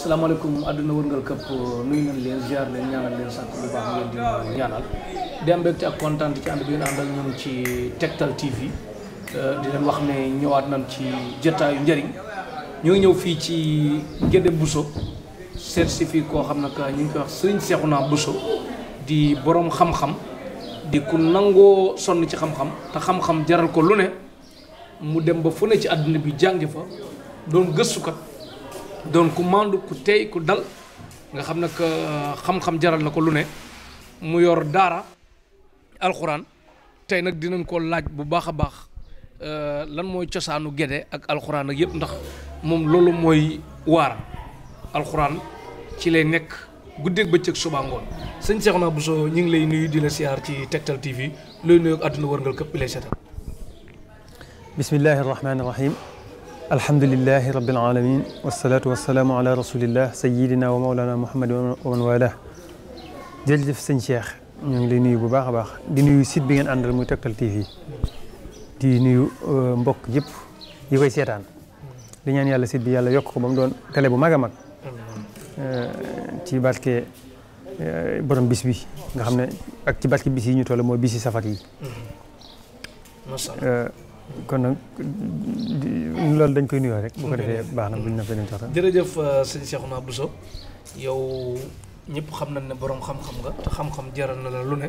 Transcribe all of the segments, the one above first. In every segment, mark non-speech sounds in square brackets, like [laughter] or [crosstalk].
salaamaaleykum àdduna wërngal këpp nuyu nañ leen ziar leen ñaanal leen sant bu baax ngeen di ak kontaan ci ànd bi ngeen àndal ñun ci tegtal TV euh, di leen wax ne ñëwaat nañ ci jotaayu njëriñ ñu ñëw fii ci Guédé Bousso seet si fii koo xam ne que ñu ngi koy wax Serigne Cheikhouna Bousso di boroom xam-xam di ku nangoo sonn ci xam-xam te xam-xam jaral ko lu ne mu dem ba fu ne ci àdduna bi jàngi fa doon gëstukat doon ku mandu ku tey ku dal nga xam nag euh, xam-xam jaral na ko lu ne mu yor daara alxuraan tey nag dinañ ko laaj bu baax a baax euh, lan mooy cosaanu gede ak alxuraan ak yëpp ndax moom loolu mooy waara alxuraan ci lay nekk guddeeg bëccëg suba ngoon sëñ Cheikhouna Bousso ñu ngi lay nuyu di la siyaar ci Tektal TV looy nuyoog àdduna wërngal këpp bi lay seetal bismillahi alhamdulilahi rabbil alamin wasalaatu wasalaamu ala rasulillah sayidina wa maulana muhammad wa man wala jërëjëf sëñ Cheikh ñu ngi lay nuyu bu baax a baax di nuyu site bi ngeen àndal muy Tektal TV di nuyu euh, mbokk yëpp yi koy seetaan di ñaan yàlla site bi yàlla yokk ko ba mu doon télé bu mag a mag euh, ci barke euh, borom bis nga xam ne ak ci barke bis yi ñu toll mooy bisi safat yi mm-hmm. kon nag loolu dañ koy nuyoo rek. bu ko defee baax na buñ na fee leen jox jërëjëf euh, sëñ Cheikhouna Abdou Sow yow ñëpp xam nañ ne boroom xam-xam nga te xam-xam jaral na la lu ne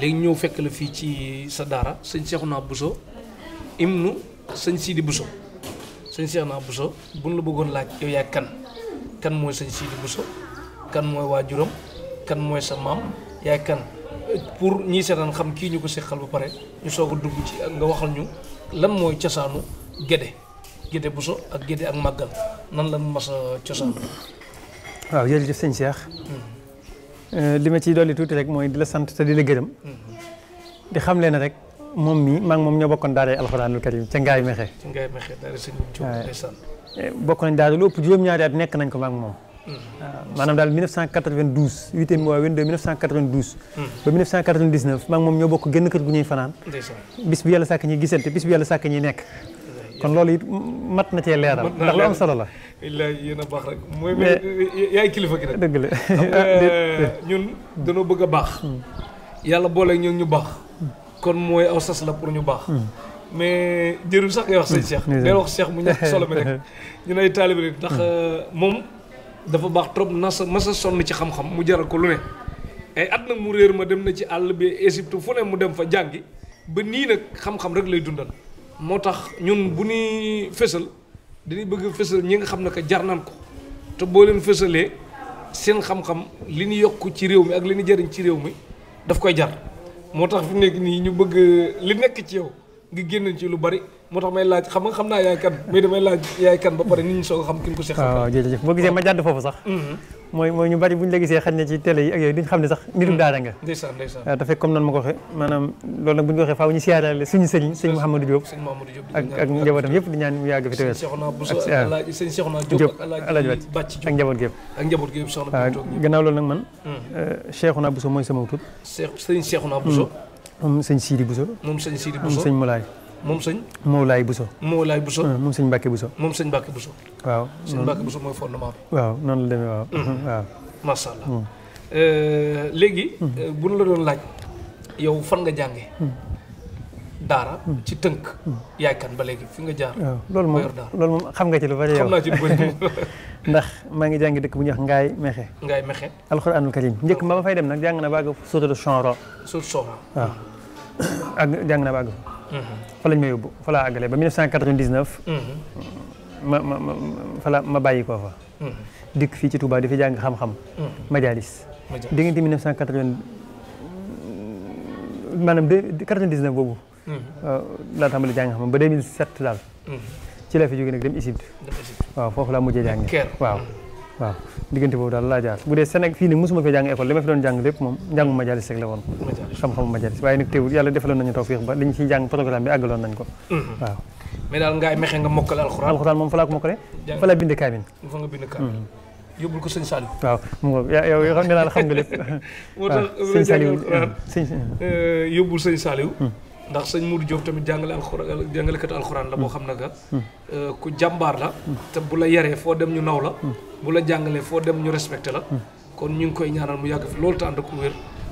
léegi ñëw fekk la fii ci sa daara sëñ Cheikhouna Abdou Sow imnu sëñ Sidi buso sëñ Cheikhouna buso Sow buñ la bëggoon laaj yow kan kan mooy sëñ Sidi Bousso kan mooy waa juróom kan mooy sa maam yaay kan. pour ñii seetaan xam kii ñu ko seqal ba pare ñu soog a dugg ci nga waxal ñu lan mooy cosaanu gédé bu buso ak gédé ak màggal nan lan mas a cosaanu waaw jërëjëf sëñ Cheikh euh, li ma ciy dolli tuuti rek mooy di la sant te di la gërëm mm-hmm. di xam leen rek moom mii maa ngi moom ñoo bokkoon daaree alxuraanul karim ca Ngaay Mexe bokk nañ daara lu ëpp juróom-ñaari at nekk nañ ko maa ngi moom Euh, maanaam daal 1992 huitième mois 22 1992. Hmm. ba 1999 maa ngi moom ñoo bokk génn kër gu ñuy fanaan. bis bu yàlla sàkk ñi gisante bis bu yàlla sàkk ñi nekk. kon loolu it mat na cee leeral. ndax lu am solo la. illa yéen a baax rek. mooy yaay kilifa gi nag. dëgg la ah, euh, ñun dañoo bëgg a baax. Hmm. yàlla boole ñu ñu baax. Hmm. kon mooy aw sas la pour ñu baax. mais jërul sax ngay wax sëñ Cheikh. day wax Cheikh mu ñàkk solo mi rek [laughs] ñu ay taalibe ndax euh, moom. dafa baax trop nasa masa sonn ci xam-xam mu jaral ko lu ne ay at nag mu réer ma dem na ci àll bi Égypte fu ne mu dem fa jàngi ba nii nag xam-xam rek lay dundal moo tax ñun bu ñuy fësal dañuy bëgg fësal ñi nga xam ne que jar nan ko te boo leen fësalee seen xam-xam li ñu yokk ci réew mi ak li ñu jëriñ ci réew mi daf koy jar moo tax fi nekk nii ñu bëgg li nekk ci yow ngi génn ci lu bari moo tax may laaj xam nga xam naa yaay kan mais damay laaj yaay kan ba pare nit ñi soog a xam ki ma jàdd foofu sax. Mm-hmm. mooy mooy ñu bari bu ñu la gisee xaj na ci télé yi ak yooyu duñ moom sëñ Sidi Bousso. moom sëñ Sidi Bousso moom sëñ Moulaye moom sëñ. Mawlaay Bousso. Mawlaay Bousso. Hmm, moom sëñ Mbacke moom sëñ Mbacke Bousso. waaw sëñ Mbacke Bousso mooy fondement bi. waaw noonu la demee waaw. Hmm. Hmm, waaw euh, léegi. Euh, bu ñu la doon laaj yow fan nga jànge daara ci tënk. yaay kan ba léegi fi nga jaar. loolu moom loolu xam nga ci lu bari yow xam [laughs] ndax maa ngi jàngi dëkk bu ñuy wax Ngaay Mexe. Ngaay Mexe. alxuraanul karim njëkk ba fay dem nag jàng na baaga suratu Shura. suratu Shura waaw [coughs] ak jàng na baaga. fa lañ ma yóbbu fa laa àggale ba 1999. Mhm. ma ma ma ma bàyyi koo fa. Mhm. dikk fii ci Touba di fi jàng xam-xam. Mhm. majalis. majalis diggante 1980 maanaam deux 99 boobu. Euh, jàng xam ba 2007 daal. ci laa fi jógee nag dem Égypte. waaw foofu laa mujjee jàngee waaw. waaw diggante boobu daal laa jaar bu dee Sénégal fii ni mosuma fee jàng école li ma fi doon jàng lépp moom njàngu majalis rek la woon xam-xamu majalis waaye nag ba li ñu ciy jàng programme bi àggaloon nañ ko mm-hmm. waaw mais daal ngaay mexe nga mokkale alxuraan alxuraan moom fa laa ko mokkale fa laa bind kaamin mm-hmm. yóbbul ko sëñ Saliou [laughs] ndax sëñ Moudou Diop tamit jàngale alxuraan jàngalekatu alxuraan la boo xam ne euh, que ku jàmbaar la te bu la yaree foo dem ñu naw la bu la jàngalee foo dem ñu respecté la kon ñu ngi koy ñaanal mu yàgg fi loolu te ànd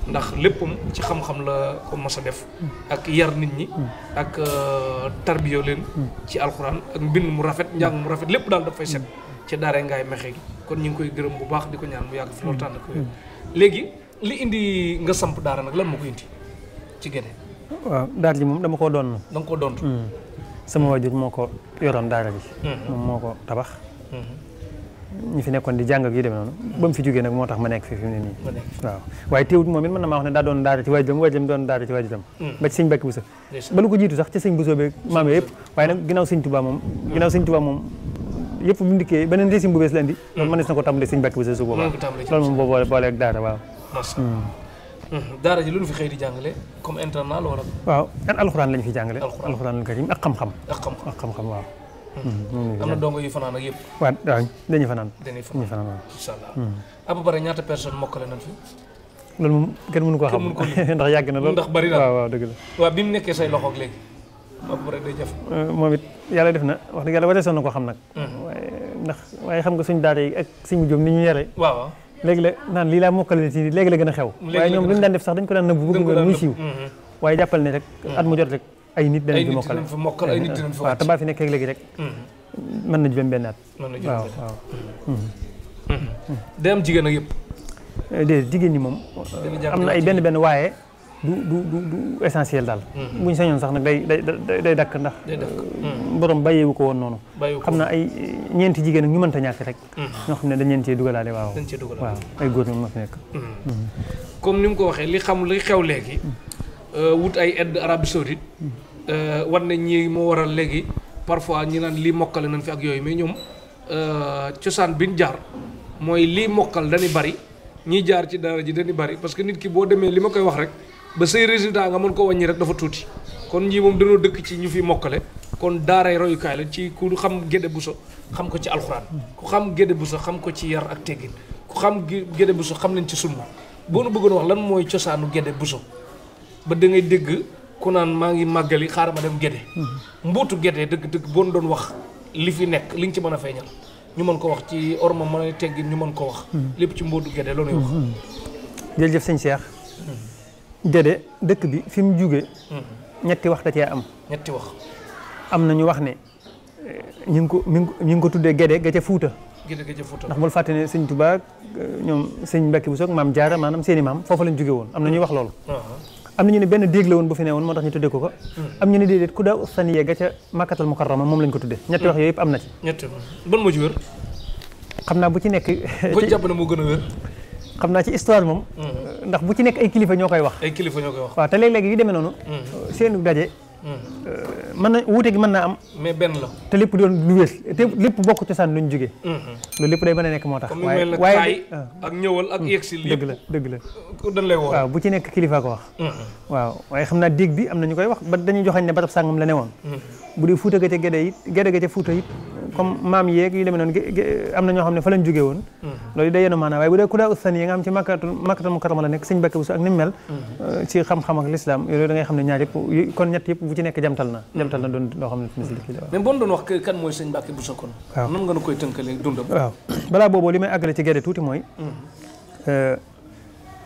ndax léppam ci xam la ko a def ak yar nit ñi ak euh, tarbiyo leen ci alxuraan ak mbind mu rafet njàng mu rafet lépp daal dafay set ci daaree ngaay mexe kon ñu ngi koy gërëm bu baax di ko ñaan mu yàgg fi loolu te ànd wér léegi li indi nga samp daara nag lan moo ko indi ci Guédé waaw daara ji moom dama koo doon. dama koo doon. Hmm. sama waajur moo ko yoroon daara ji. Hmm. moom moo ko tabax. Hmm. ñi fi nekkoon di jàng ak yu demee noonu. ba mu fi jógee nag moo tax ma nekk fi fi mu ne nii. waaw waaye teewut moom it mën na maa ne daa doon daara ci waajuram waajuram doon daara ci waajuram. ba ci sëñ ba loolu mënees na daara waaw. daara ji lu ñu fi xëy di jàngale comme internat wala. waaw yan alxuraan lañ fi jàngale. alxuraan alxuraan karim ak xam-xam. ak xam-xam ak xam-xam waaw. Hmm. Hmm, am na dongo yu fanaan ak yëpp. waaw waaw dañuy la. waaw bi mu nekkee say loxoog léegi. à peu près day jëf. Euh, moom it yàlla def na wax dëgg yàlla wareesoon na ko xam nag. Hmm. waaye xam nga suñu daara yi ak suñu jom ni ñu yare léegi la naan lii laa mokkale ci léegi la gën a xew waaye ñoom lu ñu daan def sax dañ ko daan nëbb bëgg nga muy siiw mhm. waaye jàppal ne rek mhm. at mu jot rek ay nit danañ fi mokkal ay nit danañ fi nekk na juróom benn at waaw waaw day am jigéen ak yëpp eh, déedéet ñi moom am ay benn benn waaye du du du essentiel daal. Mhm. buñ sañoon sax nag day dakk ndax. Euh, mhm. borom bàyyeewu ko woon noonu. xam na ay ñeenti jigéen ak ñu mënta ñàkk rek. Mhm. ñoo xam ne da leen cee dugalaale waaw. dañ cee ay góor ñoom ma fi nekk. comme ni mu ko waxee li xam li xew léegi. Euh, wut ay aide Arabie Saoudite. Euh, war nañ ñi moo waral léegi parfois ñi naan lii mokkale nañ fi ak yooyu mais ñoom cosaan bi ñu jaar mooy lii mokkal dañuy bari ñiy jaar ci dara ji dañuy bari parce que nit ki boo demee li ma koy wax rek. ba say résultat nga mën ko wàññi rek dafa tuuti kon ñii moom dañoo dëkk ci ñu fi mokkale kon daaray royukaay la ci ku xam gédé buso xam ko ci alxuraan ku xam gédé buso xam ko ci yar ak teggin ku xam gédé buso xam leen ci sunna boo nu bëggoon wax lan mooy cosaanu gédé buso ba da ngay dégg ku naan maa ngi màggali xaaral ma dem gédé mm-hmm. mbuutu gédé dëgg dëgg boo doon wax li fi nekk li nga ci mën a feeñal ñu mën ko wax ci orma mën a teggin ñu mën ko wax mm-hmm. lépp ci mbootu gédé loolu wax mm-hmm. jërëjëf sëñ Cheikh déedéet dëkk bi fi mu jugee. Mm-hmm. ñetti wax da cee am. ñetti wax. am na ñu wax ni eh, ñu ngi ko mi ngi ko tuddee Gédé ga ca Fuuta. Gédé ga ca Fuuta ndax bul fàtte ne sëñ Tuubaa eh, ñoom sëñ Mbàkke bu ak maam Jaara maanaam seeni maam foofu lañ jugee woon am na ñuy wax loolu. Uh-huh. am na ñu ne benn déeg woon bu fi ne woon moo tax ñu tuddee ko ko. Mm. am ñu ne déedéet ku daaw saniye ga ca Makkatal Mukarrama moom lañ ko tuddee. ñetti wax mm. yooyu yëpp am na ci. ñetti ban moo ci wér. xam naa bu ci nekk. boo [laughs] jàpp ne moo gën a wér. xam naa ci histoire moom. Mm-hmm. ndax bu ci nekk ay kilifa ñoo koy wax. ay kilifa ñoo koy wax waaw te léeg-léeg yu demee noonu. Mm-hmm. seenu daje. Mm-hmm. mën na wuute gi mën naa am. mais benn la. te lépp doon lu wér te lépp bokk cosaan lu ñu jugee. loolu lépp day mën a nekk moo tax. waaye waaye ah. ak ñëwal ak yegsil la dëgg la. dañ lay woo waaw bu ci nekk kilifa ko wax. waaw waaye xam naa déeg bi am na ñu koy wax ba dañuy joxañ ne barab sàngam la newoon. bu dee fuuta ga ca gede it gede fuuta it comme maam yeeg yu demee noonu am na ñoo xam ne fa lañ jógee woon mm-hmm. loolu day yenu maanaam waaye bu dee ku daa ustan yi nga xam la nekk sëñ Mbàkke Buso ak ni mel mm-hmm. euh, ci xam-xam lislaam yooyu da ngay xam ne ñaar yëpp kon ñett yëpp bu ci nekk jamtal na jamtal na doon loo xam ne finis li kii la waaw balaa boobu li may àggale ci gerte tuuti mooy mm-hmm. euh,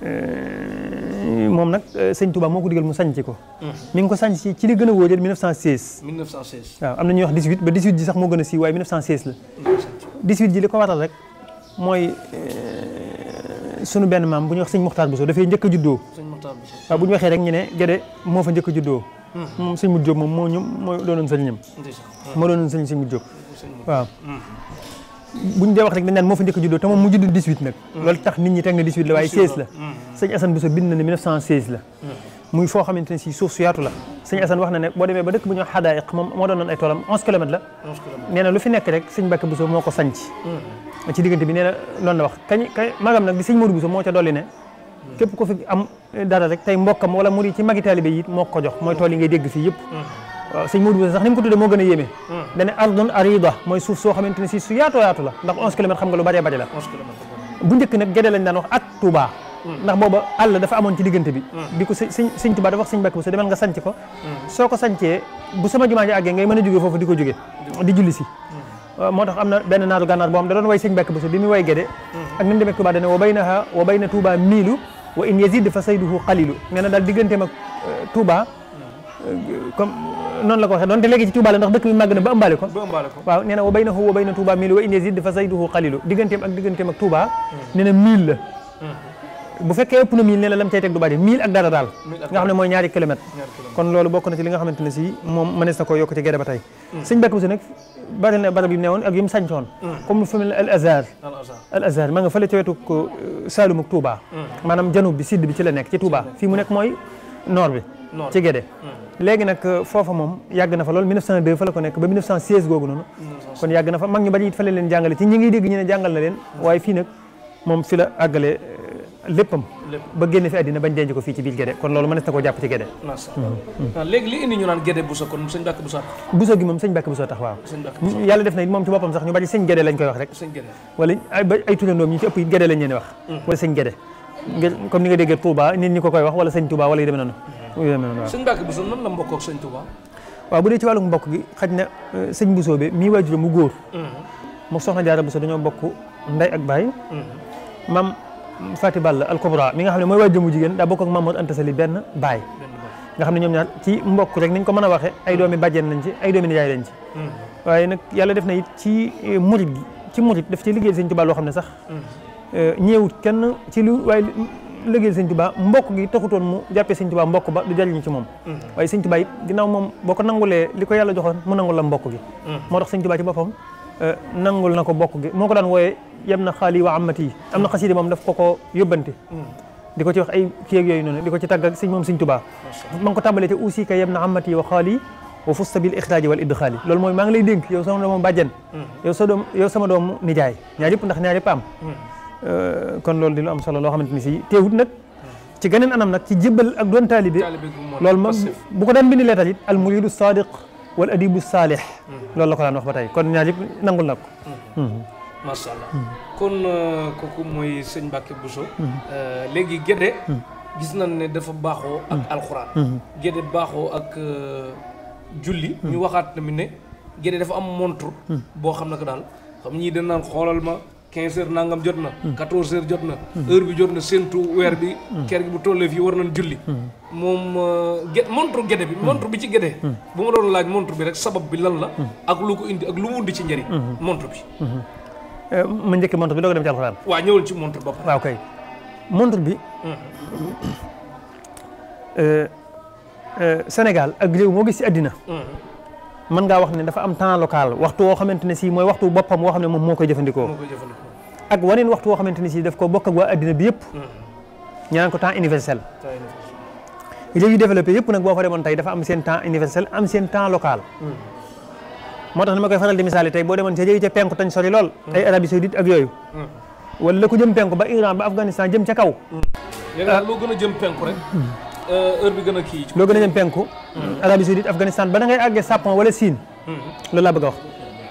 Euh, moom nag euh, sëñ Touba moo ko digal mu sànci ko. Hmm. mi ko sànci ci li gën a wóoree 1916. 1916 waaw am na ñuy wax 18 ba 18 ji sax moo gën a sii waaye 1916 la. 18 ji li ko waral rek mooy euh, sunu benn maam bu ñuy wax sëñ Mokhtar Bousso dafay njëkk a juddoo. sëñ Mokhtar Bousso waaw bu ñu waxee rek ñu ne Gédé moo fa njëkk a juddoo. Hmm. moom sëñ mu Diop moom moo ñu moo doonoon sëñ ñam. moo doonoon sëñ sëñ Modou Diop waaw. Hmm. buñ dee wax rek dañ naan moo fa njëkk juddoo te mu judd nag loolu tax nit ñi teg na 18 la waaye 16 la sëñ Assane Bousso bind na ne muy foo xamante ne si suuf su la sëñ Assane wax na ne boo demee ba dëkk bu ñuy wax xadaayiq moom moo doonoon ay toolam 11 kilomètres la nee na lu fi nekk rek sëñ Mbacke Bousso moo ko sanc hmm. ci diggante bi nee na loolu la wax magam nag di sëñ Modou Bousso moo ca dolli hmm. képp ku fi am rek tey mbokkam wala murid waaw sëñ Modou Bousso sax ni mu ko gën a yéeme hmm. dane ardun arida mooy suuf soo xamante ne si su yaatoo yaatu la ndax 11 kilomètres xam nga lu bëree bëri la bu njëkk nag Gédé lañ daan wax ak Touba hmm. ndax booba àll dafa amoon ci diggante bi hmm. bi ko sëñ sëñ Touba dafa wax sëñ Mbàkke Bousso demal nga sanc ko soo ko sancee bu sama jumaa ji àggee ngay a jógee foofu di am na benn naaru gànnaar boo xam da doon way bi muy way Gédé ak ni mu demee Touba dane wa baynaha wa bayna noonu la ko waxee doonte léegi ci Touba la ndax dëkk bi màgg na ba ëmbaale ko waaw nee na wa baynahu wa bayna Touba miilu wa in yazid fa sayduhu qalilu digganteem ak digganteem ak Touba mm-hmm. nee na miil la mm-hmm. bu fekkee ëpp na miil ne la lam cay teg du bari miil ak dara daal nga xam ne mooy ñaari kilomètre kon loolu bokk na ci li nga xamante ne si moom mënees na ko yokk ci gerte ba tey mm. sëñ Bakk Bousso nag bari na barab yi newoon ak ak Touba mm. maanaam janub bi sud mu ci Gédé hmm. léegi nag euh, foofa moom yàgg na fa lool 1902 fa la ko nekk ba 1916 googu noonu hmm, kon yàgg na fa mag ñu bari it fa leen jàngale ci ñi ngi dégg ñu jàngal na leen hmm. waaye fii nag moom fi la àggale euh, léppam ba génne fi àddina bañ denc ko fii ci biir Gédé kon loolu mënees na koo jàpp ci Gédé ah, léegi gi moom sëñ Mbàkke Bousso tax ñu bari lañ koy wax rek wala ay turandoom ñu ci ëpp it Gédé lañ leen wax wala sëñ Gédé comme ni nga Oh, sëñ Mbacke Bousso nan la mbokkoog sëñ Touba waaw bu dee ci wàllu mbokk gi xaj na euh, sëñ Bousso bi mii waajur mu góor mu mm-hmm. soxna Jaara Bousso dañoo bokk nday ak baay maam mm-hmm. Fati Balla al Kubra mi nga xam ne mooy waajur mu jigéen daa bokk ak Mamour Anta Sali benn baay nga xam ne ñoom ñaar ci mbokk rek niñ ko mën a waxee ay doomi bàjjen lañ ci ay doomi nijaay lañ ci mm-hmm. waaye nag yàlla def na it ci euh, murit ci murit daf ci liggéey sëñ Touba loo xam ne sax euh, liggéeyal sëñ Tuubaa mbokk gi taxutoon mu jàppee sëñ Tuubaa mbokk ba du jariñu ci moom mm-hmm. waaye sëñ Tuubaa it ginnaaw li ko yàlla joxoon mu mm-hmm. euh, nangul na ko mbokk gi moo ko daan wooyee yem na xaali wa amati yi am na xasida moom daf ko ko yóbbante mm-hmm. di ko ci wax ay kii ak yooyu noonu di ko ci tàgg ak sëñ moom sëñ Tuubaa ma ngi ko tàmbalee te aussi ka yem na amati yi wa xaali wa fusta bil ixraaji wal idxaali loolu mooy maa ngi lay dénk yow sama doomu bàjjan yow sa doom yow sama doomu nijaay ñaar yëpp ndax ñaar yëpp am Euh, kon loolu dina am solo loo xamante ni si teewut nag ci geneen anam nag ci jëbal ak doon taalibe loolu moom bu ko daan bindi leetal it al muridu sadiq wal adibu saalih mhm. loolu la ko daan wax ba tey kon ñaar yëpp nangul na ko mhm. mhm. macha allah kon euh, kooku mooy sëñ bu Bousso euh, léegi gédé gis nañ ne dafa baaxoo ak alxuraan gédé baaxoo ak julli ñu waxaat tamit ne gédé dafa am montre boo xam ne ko daal xam ñii dañ naan xoolal ma quinze heures nangam jot na hmm. quatorze heures jot na hmm. heure bi jot na séntu weer bi hmm. ker gi bu tollee yi war nañ julli moom euh, get montre géde bi montre bi ci géde bu ma doon laaj montre bi rek sabab bi lan la ak lu ko indi ak lu mu indi ci njëriñ montre bi euh, ma njëkk montre bi doo ko dem ci alxuraan waaw ñëwal ci montre bopp waaw kay montre bi euh, Sénégal ak réew moo gis ci àddina mën ngaa wax ne dafa am temps local waxtu woo xamante ne si mooy waxtu boppam woo xam ne moom moo koy jëfandikoo ak waneen waxtu woo xamante ne si def ko bokk ak waa addina bi yëpp mm-hmm. ñu naan ko temps universel réew yu yëpp nag boo fa demoon tey dafa am seen temps universel am seen temps local mm-hmm. moo tax na ma koy faral di misaali tey boo demoon se réew yi ca penku tañ sori lool mm-hmm. ay Arabie Saoudite ak yooyu wala ku jëm penku ba Iran ba Afghanistan jëm ca kaw yaa ah. loo gën a jëm penku Euh, heure bi gën a kii. loo gën a jëm penku. Hmm. Arabie Saoudite Afghanistan ba da ngay àggee Sapon wala Siin. Hmm. loolu laa bëgg a wax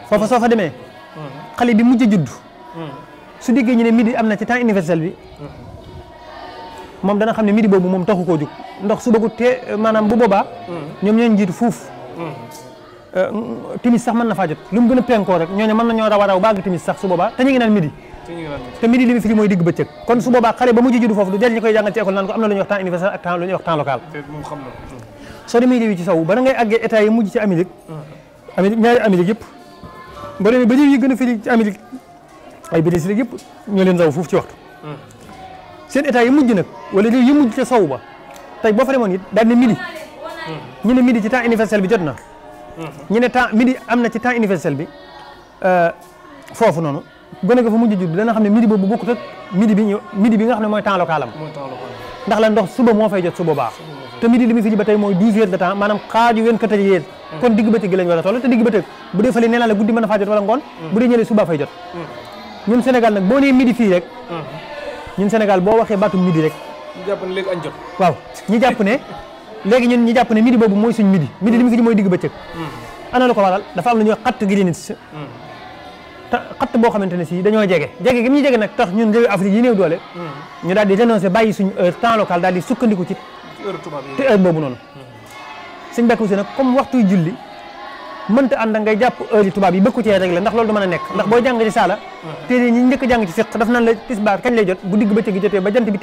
foofa soo fa demee. Hmm. xale bi mujj judd. su déggee ñu ne midi am na ci temps universel bi. moom dana xam ne midi boobu moom taxu ko jug ndox su bëggu te euh, maanaam bu boobaa. ñoom ñoo jiitu fuuf. Euh, timis sax mën na faa jot lu gën a penkoo rek ñooñu mën nañoo raw a raw baag timis sax su boobaa te ñu ngi naan midi. te midi li firi mooy digg bëccëg kon su boobaa xale ba mujj juddu foofu du jël ñi koy jàngal ci école naan ko am na lu ñuy wax temps universel ak temps lu ñuy wax temps local soo demee jëwi yi mujj ci yëpp ba demee ba jëw ci Amérique ay bidis léegi hmm. yi mujj nag wala réew yi mujj ca sow ba tey boo fa demoon it daal ne midi hmm. ñu ne midi ci temps universel bi jot na hmm. ñu ne temps midi am na ci temps universel bi euh, foofu noonu gone ko fa mujj judd dana xam ne midi boobu bokkut ak midi bi nga xam ne mooy temps local ndax la ndox suba moo fay jot suba baax te midi li mu fi ba tey mooy hmm. digg bëccëg gi bu dee fële nee la guddi mën a jot wala ngoon hmm. bu dee ñële suba fay jot hmm. ñun Sénégal nag boo nee midi fii rek ñun Sénégal boo waxee baatu midi rek ñu jàpp ne léegi añ jot waaw [laughs] ñun ñu jàpp ne midi boobu mooy suñ midi midi li mu fi mooy digg bëccëg ana lu ko waral la ñuy xatt boo xamante ne si dañoo jege jege gi mu ñu jege nag tax ñun réew Afrique yi néew doole hmm. ñu daal di renoncer bàyyi suñu heure temps hmm. loolu a hmm. ba jant bi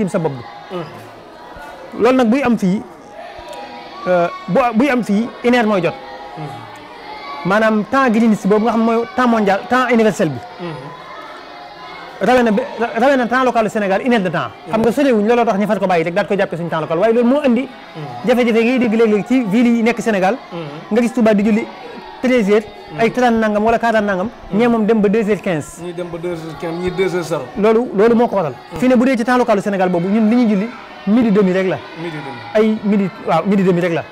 nag buy am fii euh, buy am fii une mooy jot maanaam temps Greenwich boobu nga xam mooy temps mondial temps universel bi. Mm-hmm. rawe temps xam nga soriwuñ looloo tax ñu fas ko bàyyi rek daal loolu moo andi. Mm-hmm. jafe-jafe ngay dégg léeg-léeg ci ville nekk Sénégal. Mm-hmm. nga gis Touba di julli 13 heures. ay 30 nangam wala 40 nangam. ñee dem ba 2 heures 15. ñii dem ba 2 heures 15 ñii loolu moo ko waral. fii ne bu dee ci temps local du Sénégal boobu ñun la.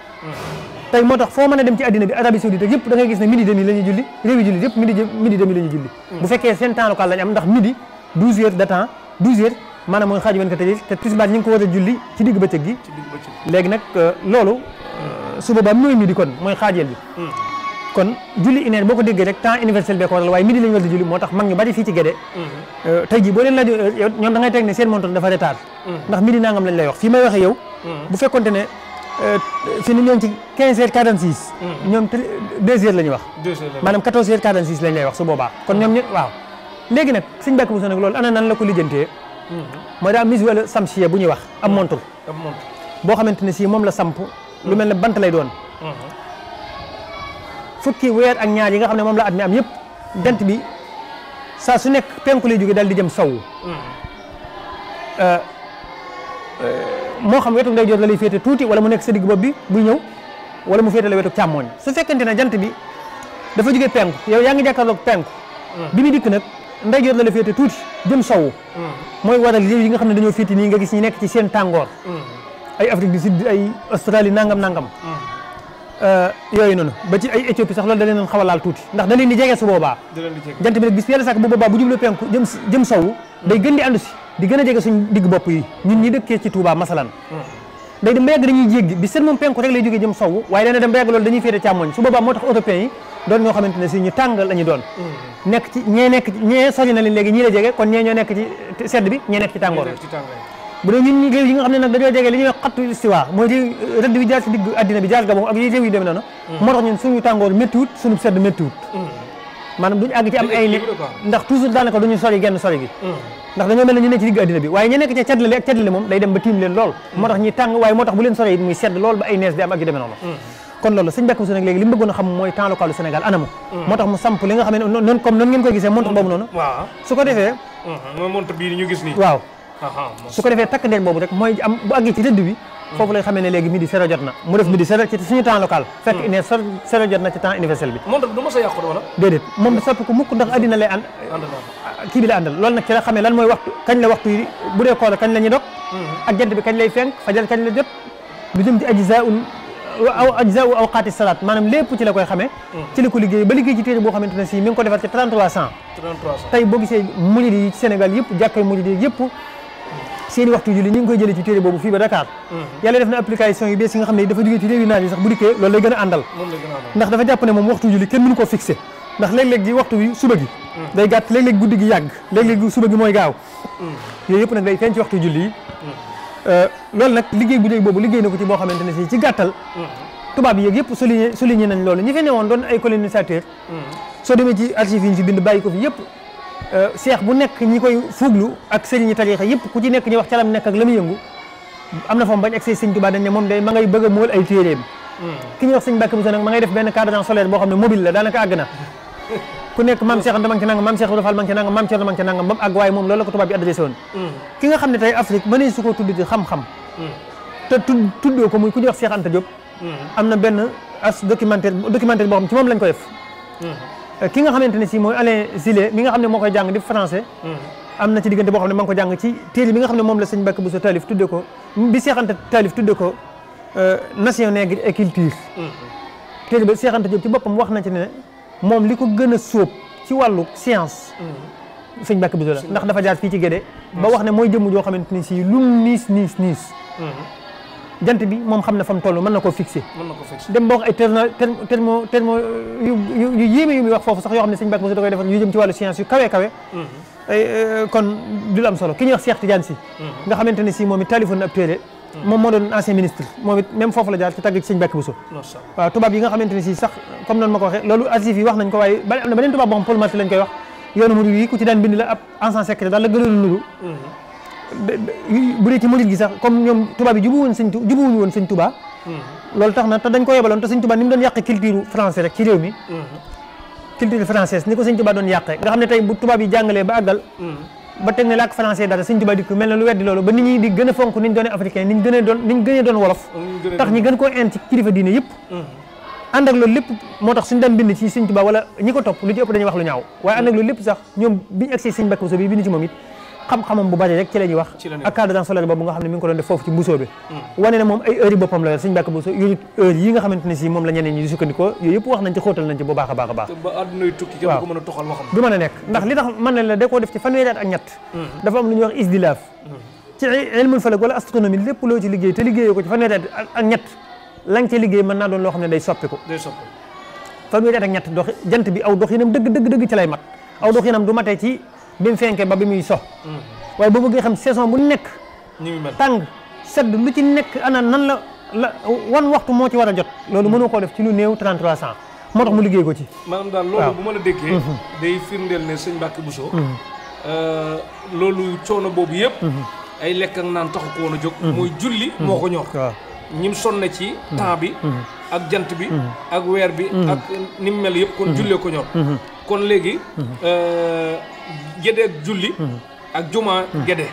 tey moo tax foo mën a dem ci àddina bi Arabie Saoudite ak yëpp da ngay gis ne midi demi la ñuy julli hmm. bu fekkee seen temps local de temps 12 ko war a julli ci digg bëccëg gi léegi nag euh, loolu euh, suba ba mooy midi kon mooy xaajeel bi hmm. kon julli une heure boo ko déggee rek temps universel bee ko waral waaye midi la war di julli moo tax mag ñu bari fii ci Gédé hmm. euh, tey jii boo leen laaj ñoom da ngay teg ne seen montre dafa retard ndax midi nangam lañ lay wax fii may waxee yow Euh, fi ni ñoom ci 15 heures 46. Mm-hmm. ñoom 2 heures la ñuy wax. 2 heures la ñuy wax maanaam 14 heures 46 lañ lay wax su boobaa. kon ñoom waaw léegi nag suñu bàkk bu so nag loolu ko lijjantee. Mm-hmm. mooy daa mis wala bu ñuy wax ab mm-hmm. boo xamante ne si moom la samp. lu mel ne bant lay doon. fukki weer ñaar yi nga xam ne moom la at mi am yëpp jant bi saa su nekk penku lay jóge daal di jëm sowu. Euh, euh, moo xam wetu ndeyjoor la lay féete tuuti wala mu nekk sa digg bopp bi buy ñëw wala mu féete la wetu ne jant bi dafa jóge penku yow yaa ngi jàkkaarloog penku mm. bi mu dikk nag ndeyjoor la la féete tuuti jëm sowu mm. mooy waral réew yi nga xam ne dañoo féete nii nga gis ñi nekk ci seen tàngoor mm. ay Afrique du nangam nangam euh, yooyu noonu ba ci ay Éthiopie a laal tuuti ndax da leen di jege su boobaa jant bi nag bis yàlla sàkk bu boobaa bu jublu penku jëm jëm day gën di andu si di gën a jege suñ digg bopp yi ñun ñi dëkkee ci Touba masalan day dem ba yàgg dañuy jéggi bi seen moom penku rek lay jógee jëm sow waaye dana ne si ñu tàng la doon mm. nekk ci ñee nekk ñee sori na leen léegi ñii la jege kon ñee ñoo nekk xam ne nag dañoo jege li xattu istiwa mooy di euh, rëdd bi jaar si digg addina bi jaar Gabon ak réew yi demee noonu mm. moo tax ñun suñu tàngoor méttiwut suñu sedd méttiwut mm. maanaam duñu àgg ci am ay nit ndax toujours daanaka duñu sori genn sori gi hmm. ndax dañoo mel ne ñu ne ci digg àddina bi waaye ñu nekk ci hmm. sedd lool ba ay nees di am ak yu demee noonu hmm. kon loolu sëñ Mbàkke Buso nag léegi li mu moo tax mu samp nga xam noonu ngeen koy gisee montre boobu noonu su ko defee takk ndeen boobu rek mooy bu àggee ci dëdd bi foofu lay xamee ne léegi midi zéro jot na mu def midi zéro ci jot na ci temps universel bi moom du mos a mukk ndax addina lay ànd kii bi la àndal ci la xamee lan mooy waxtu kañ la waxtu yi bu dee koor kañ la ñuy dog mhm. ak jant bi kañ lay fenk fajal kañ la jot lu jëm ci ajzaul salaat maanaam lépp ci la koy xamee mhm. ci la ko liggéey ba liggéey ci téere boo xamante ne si mi ngi ko defar ci 33 cent tey boo gisee mujj yi ci Sénégal yëpp jàkkoy seen i waxtu julli ñu ngi koy jëlee ci téere boobu fii ba Dakar mm-hmm. yàlla def na application yu bees yi nga xam ne dafa jógee ci réew yi yi sax bu dikkee loolu a àndal mm. day gàtt léeg-léeg guddi gi yàgg léeg suba gi mooy gaaw mm. yooyu yëpp nag day feeñ ci waxtu julli yi mm. euh, loolu nag liggéey bu njëkk boobu liggéey na ko ci boo xamante ne si ci gàttal tubaab yeeg yëpp souligné souligné nañ loolu ñi fi newoon doon ay colonisateur soo demee ci archives yi ñu fi bind bàyyi ko Euh, seex bu nekk ñi koy fuglu ak sëriñi tarixa yëpp ku ci nekk ñi wax calam nekk ak la yëngu am na foom bañ egsi sëñ Tuubaa dañ moom day ma ngay bëgg a ay téeréem hmm. ki la daanaka àgg na ba [laughs] mu àgg waaye moom hmm. nga xam ne tey Afrique mënees su ko tudd di xam-xam hmm. te tuddoo ko muy ku ñuy wax Cheikh Anta Diop am na benn as documentaire documentaire boo xam ci moom lañ ko def ki nga xamante ne si mooy Alain Zilé mi nga xam ne moo koy jàng di français hmm. am na ci diggante boo xam ne ma ngi ko jàng ci téere bi nga xam ne moom la sëñ Mbàkke Bousso taalif tudde ko bi Seex Anta taalif tudde ko euh, nation nègre culture hmm. téere ba Seex Anta Jóob ci boppam wax na ci ne moom li ko gën a sóob ci wàllu science hmm. sëñ Mbàkke Bousso la ndax dafa jaar fii ci Gédé ba wax ne mooy jëmm joo xamante ni si lu niis niis niis jant bi moom xam na fa mu toll na koo fixé dem boo ay termo termo yu yu yéeme yu muy wax foofu sax yoo xam ne sëñ Mbàkke Bousso da koy defar yu jëm ci wàllu science yu mm-hmm. eh, eh, kon du am solo ki ñuy wax Cheikh Tidiane si mm-hmm. nga xamante ne moom it taalifoon na mm-hmm. moom moo doon ancien ministre moom it même foofu la jaar ci tàgg ci sëñ waaw tubaab yi nga xamante ne sax comme noonu ma ko waxee loolu asif wax nañ ko waaye am na tubaab boo xam Paul Marty lañ koy wax yoonu murid yi ku ci daan bu dee ci murid gi sax comme ñoom tubaab yi jubuwoon woon sëñ tuba mm-hmm. loolu tax na te dañ ko yebaloon te sëñ tuba mm-hmm. mm-hmm. dikk mel na lu weddi loolu ba nit ñi di gën a fonk niñ doone africain niñ gën a doon a doon wolof tax ñi gën koo ind ci kilifa diine yëpp ànd ak loolu lépp sax ñoom biñu agsee sëñ Mbàkke Buso bi bind ci moom it xam-xamam bu bari rek ci la ñuy wax ak cadre dans solaire boobu nga xam ne mi ko doon def foofu ci mbusoo bi hmm. wane ne moom ay heures boppam la yor suñu bàkk mbusoo yooyu heures yi nga xamante ne si moom la ñeneen ñi di yooyu yëpp wax nañ ci xóotal nañ ci bu baax a baax baax du mën nekk ndax li tax mën la da koo def ci fanweeri at ak ñett hmm. dafa hmm. ci liggéey te naa doon loo xam ne day soppiku fanweeri at ak ñett dox jant bi dëgg dëgg ci lay bi mu fenkee ba bi muy so mm-hmm. waaye boo bëggee xam saison bu nekk tàng sedd lu ci nekk ana nan la la wan waxtu moo ci war a jot loolu mënoo koo def ci lu néew 3300 moo tax mu liggéey ko ci maanaam daal loolu bu ma la déggee mm-hmm. day firndeel ne sëñ bu so mm-hmm. euh, loolu coono boobu yëpp ay lekk ak naan taxu ko woon a jóg mooy julli moo ko ñor ñim sonn ci temps bi ak jant bi ak weer bi ak ni mu mel yëpp kon jullee ko ñor kon léegi euh, gédé ak julli hmm. ak juma hmm. hmm. gédé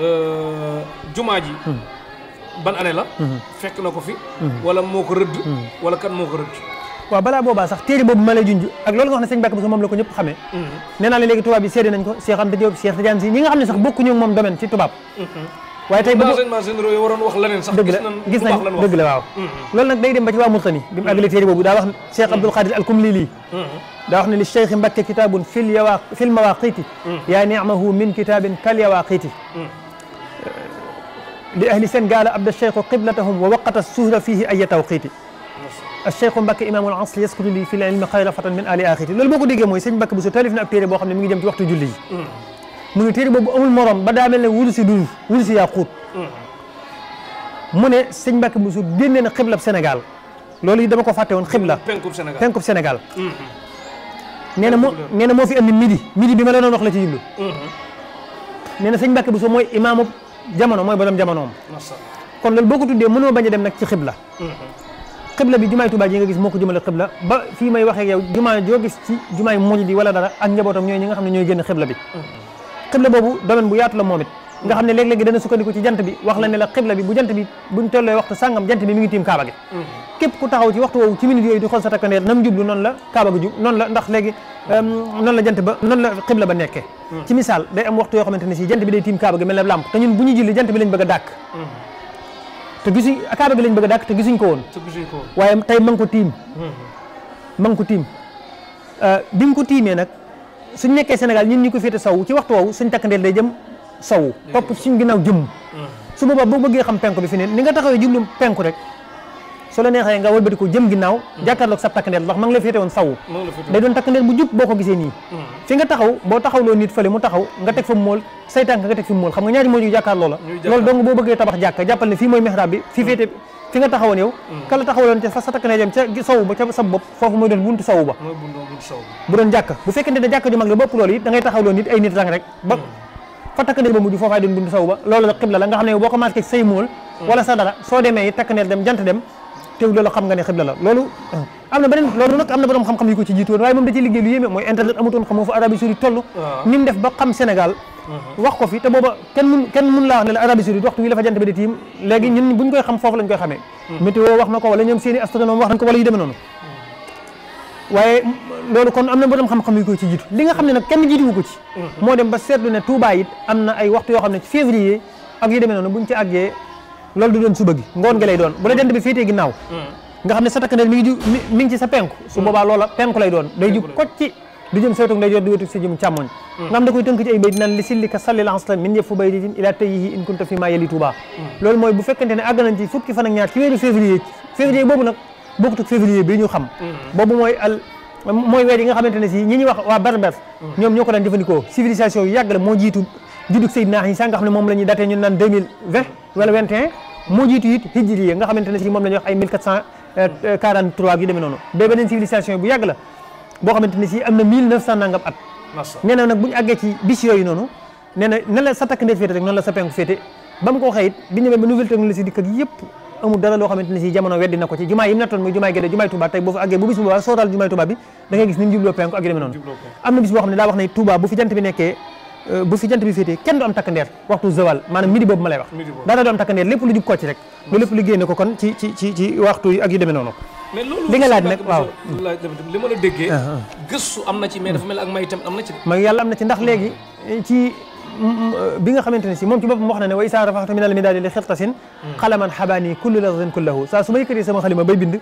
euh, juma ji ban année la fekk na ko fi wala moo ko rëdd wala kan moo ko rëdd waaw balaa boobaa sax téere boobu ma lay junj ak loolu nga xam ne sëñ Mbàkke Bousso moom la ko ñëpp xamee nee la léegi tubaab yi seede nañ ko Cheikh Anta Diop Cheikh Tidiane Sy ñi nga xam ne sax bokkuñu moom domaine ci tubaab waaye tey bëgg waroon wax leneen sax gis nañ gis nañ dëgg la waaw hmm. loolu nag day dem ba ci waa Murtani bi mu àggalee téere boobu daa wax Cheikh Abdoul Khadir al Kumlili hmm. daa wax ne li Cheikh Mbacké kitaabun fil yawa fil mawaqiti hmm. yaa ni'mahu min kitaabin kal yawaqiti li ahli seen gaala abda cheikhu qiblatahum wa waqata suhra fihi ay tawqiti cheikhu Mbacké imaamul asli yaskutu li fil ilmi xayra fatan min ali axiti loolu boo ko déggee mooy sëñ Mbacké bu so taalif na ab téere boo xam ne mi ngi jëm ci waxtu julli yi mu ne téere boobu amul morom ba daa mel ne wulu si dund wulu si mu ne sëñ Mbàkke Buso génne na xiblab Sénégal loolu yi dama ko fàtte woon xibla penkub mm-hmm. Sénégal nee na moo nee na moo fi andi midi bi ma la doon wax la ci jublu mm-hmm. nee na sëñ Mbàkke Buso mooy imaamu jamono mooy borom jamonoom kon loolu boo ko tuddee mënoo bañ dem nag ci xibla mm-hmm. xibla bi yi Tuubaa ji nga gis moo ko jëmale xibla ba fii may waxee yow jumaa joo gis ci jumaay muñ di wala dara ak njabootam ñooy ñi nga xam ne ñooy génn xibla bi xibla boobu domaine bu yaatu la moom it nga xam ne léeg-léegi dana sukkandiku ci jant bi wax la ne la xibla bi bu jant bi buñ tollee waxtu sàngam jant bi mi la kaaba gi jub la jant bi lañ bëgg a dàkk te gisuñ a ko woon waaye tey ma ko tiim hmm. euh, bi nga ko tiimee nag suñ nekkee Sénégal ñun ñi ko féete sow ci waxtu woowu suñ takk day jëm sow topp suñ ginnaaw jëm ah. su boobaa boo bëggee xam penku bi fi ne nga taxawee jublu penku rek su la neexee nga wëlbati ko jëm ginnaaw hmm. jàkkaarloog sab takk ndeel ndax ma ngi la féete woon saw day doon takk bu jub boo ko gisee nii hmm. fi nga taxaw boo taxawloo nit fële mu taxaw nga teg fa mool say tànk nga teg fi mool xam nga ñaari moo ju jàkkaarloo loolu fi nga taxawoon yow mm. ka la taxawaloon ca sa takk ne jëm ca sow ba ca sa bopp foofu mooy doon buntu sow ba bu doon jàkk bu fekkente ne jàkk ju mag la bopp loolu it da ngay taxawaloon nit ay nit rang rek ba mm. fa takk ne ba mujj foofaay doon buntu sow ba loolu la la nga xam ne boo commencé say móol mm. wala sa dara soo demee it takk ne dem jant dem teew loola xam nga ne xibla la loolu am na beneen loolu nag am na borom xam-xam yu ko ci jiitu woon waaye moom da ci liggéey lu yéeme mooy internet amutoon ah. xam xam mhm. xam foofu koy xamee hmm. météo waaye loolu kon am na borom xam-xam yu ko ci jiitu li nga xam ne nag kenn jiituwu ko ci hmm. moo dem ba seetlu ne Touba am na ay waxtu yoo xam ne ci ak yu demee noonu buñ ci àggee loolu du doon suba gi ngoon nga lay doon bu la jant bi féetee ginnaaw hmm. nga xam ne sa takkandeer mi ngi ju sa penku su hmm. boobaa loola penku lay doon day jub kocci du jëm sooytug hmm. nga xam da koy bay dinaan li sillika sallil ansla in kunta fi maa yeli tuuba loolu mooy bu fekkante ne àgg nañ fukki fan ak ñaar xam boobu mooy si ñi ñuy wax waa berber ñoom ñoo ko daan jëfandikoo civilisation yu moo jiitu juddug Seydina Isa nga xam ne moom la ñuy ñun naan 2020 wala 21 moo jiitu it hijriya nga xamante ne si moom la wax ay 1443 ak euh, yu demee noonu bee beneen civilisation bu nag bu ñu àggee ci bis yooyu noonu nee na sa takk ndee féete rek noonu la sa penku féete ba ko waxee it bi ñëwee ba nouvelle technologie dikk ak yëpp amul dara loo xamante ne si jamono weddi ko ci jumaa yi mu na bis boo xam ne daa wax ne Touba Euh, bu fi jant bi féetee kenn du am takkandeer waxtu zawal maanaam midi boobu ma lay wax daana du am takkandeer lépp lu jub kocc rek loolu mm. lépp liggéey na ko kon ci waxtu yi ak noonu li nga laaj nag waaw li ma la déggee ah, ah. gëstu am na ci mais dafa ci mag yàlla ci ndax ci mm, mm, euh, bi nga ne si moom ci boppam wax na ne wa isaa rafaxtu min al midaadi kullu lazin kullahu saa su ma yëkkatee sama xalima bay bind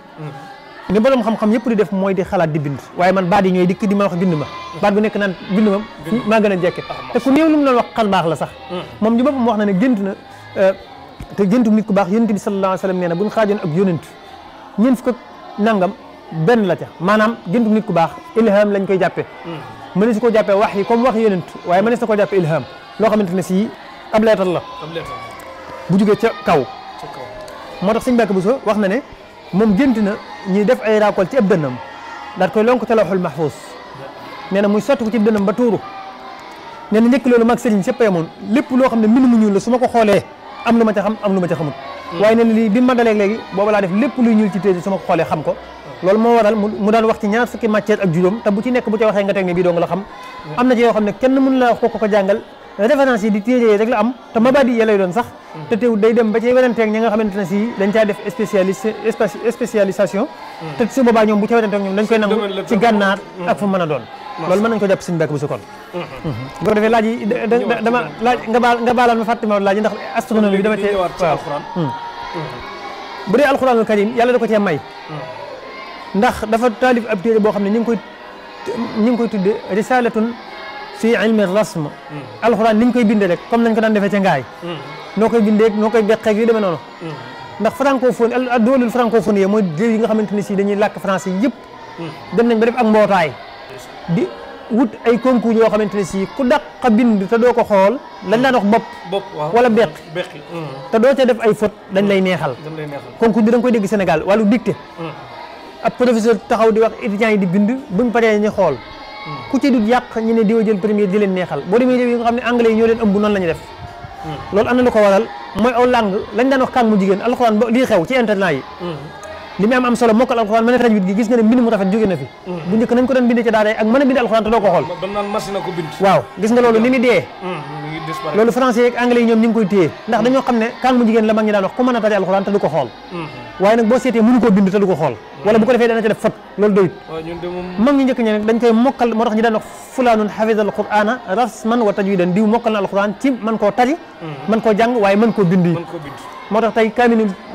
ni borom xam-xam yëpp di def mooy di xalaat di bind waaye man baat yi ñooy dikk di ma wax bind ma baat bu nekk naan bind ma maa gën a jekke ah, te ku néew lu mu doon wax xan baax la sax hmm. moom ñu mu wax na ne gént na euh, te géntu nit ku baax yonent bi sallallahu alayhi wa sallam nee na buñ xaajoon ak yonent ñeent fukk nangam benn la ca maanaam géntu nit ku baax ilham lañ koy jàppee hmm. mënees koo jàppee wax yi comme wax yonent waaye mënees na koo jàppee loo xamante ne si ab leetal la bu jugee ca kaw moo tax sëñ Mbàkke Buso wax na ne moom gént na ñuy def ay récolte ci ab dënnam daal koy lonk te lawxul na muy sotti ba tuuru nee na njëkk loolu sëriñ sëpp yemoon lépp loo xam ne mbind mu ñuul la su ma ko xoolee am lu ma ca xam am lu ma ca xamut hmm. waaye nee na lii bi ma dalee léegi booba laa def lépp luy ñuul ci téere su ma ko xoolee xam ko loolu moo waral mu daan wax ci ñaar fukki matière ak juróom te bu ci nekk bu ca waxee nga teg ne bii doo nga la xam hmm. am na ci yoo xam ne kenn mënu laa wax ko ko jàngal référence euh, yi di téere rek la am te mabadi ya lay doon sax mm-hmm. te teewul day dem ba ci weranteeg ñi nga xamante ne si dañ caa def spécialiste mm-hmm. te su boobaa ñoom bu ca weranteeg ñoom dañ koy nangu ci gànnaar mm-hmm. ak fu mën a doon loolu mën nañ ko jàpp suñu bekk bu su kon bu ko defee laaj yi dama laaj nga baal nga baalal ma fàttali ma laaj yi ndax astronomie bi dama cee waaw bu dee alxuraanul karim yàlla da ko cee may ndax dafa taalif ab téere boo xam ne ñu ngi koy ñu ngi koy tudde risalatun fii ilmi rasm alxuraan ni ñu koy bindee rek comme nañ ko daan defee ca ngaay noo koy bindee noo koy beqeeg yu demee noonu ndax francophonie al doolul francophonie yi mooy réew yi nga xamante ne dañuy làkk français yëpp dem nañ ba def ak mbootaay di wut ay concours yoo xamante ne si ku dàq bind te doo ko xool lañ wax bopp wala beq mm. te doo ca def ay faute dañ lay neexal concours bi da nga koy dégg Sénégal wàllu dictée mm. ab professeur taxaw di wax étudiants yi di bind buñ paree ñu xool ku ci dut yàq ñu ne premier di leen neexal boo demee réew yi nga anglais ñoo leen ëmb noonu la ñu def hmm. loolu am waral mooy aw langue lañ daan wax kàng mu jigéen alxuraan ba lii xew ci internet yi hmm. li muy am am solo mokkal alxuraan mën a tajwid gi gis nga ne mbind mu rafet jóge na fi bu njëkk nañ ko doon bindee ci ak mën a bind alxuraan te xool dañ naan machine hmm, hmm. te du ko hmm. bind te du xool wala bu ko defee dana ci def fot loolu doyut mag ñi njëkk ñi mokkal moo tax ñu daan wax fulaanun xafisa alqurana rasman wa tajwidan diw mokkal na alxuraan ci man koo taji man koo jàng waaye mën koo bind moo tax tey kaamil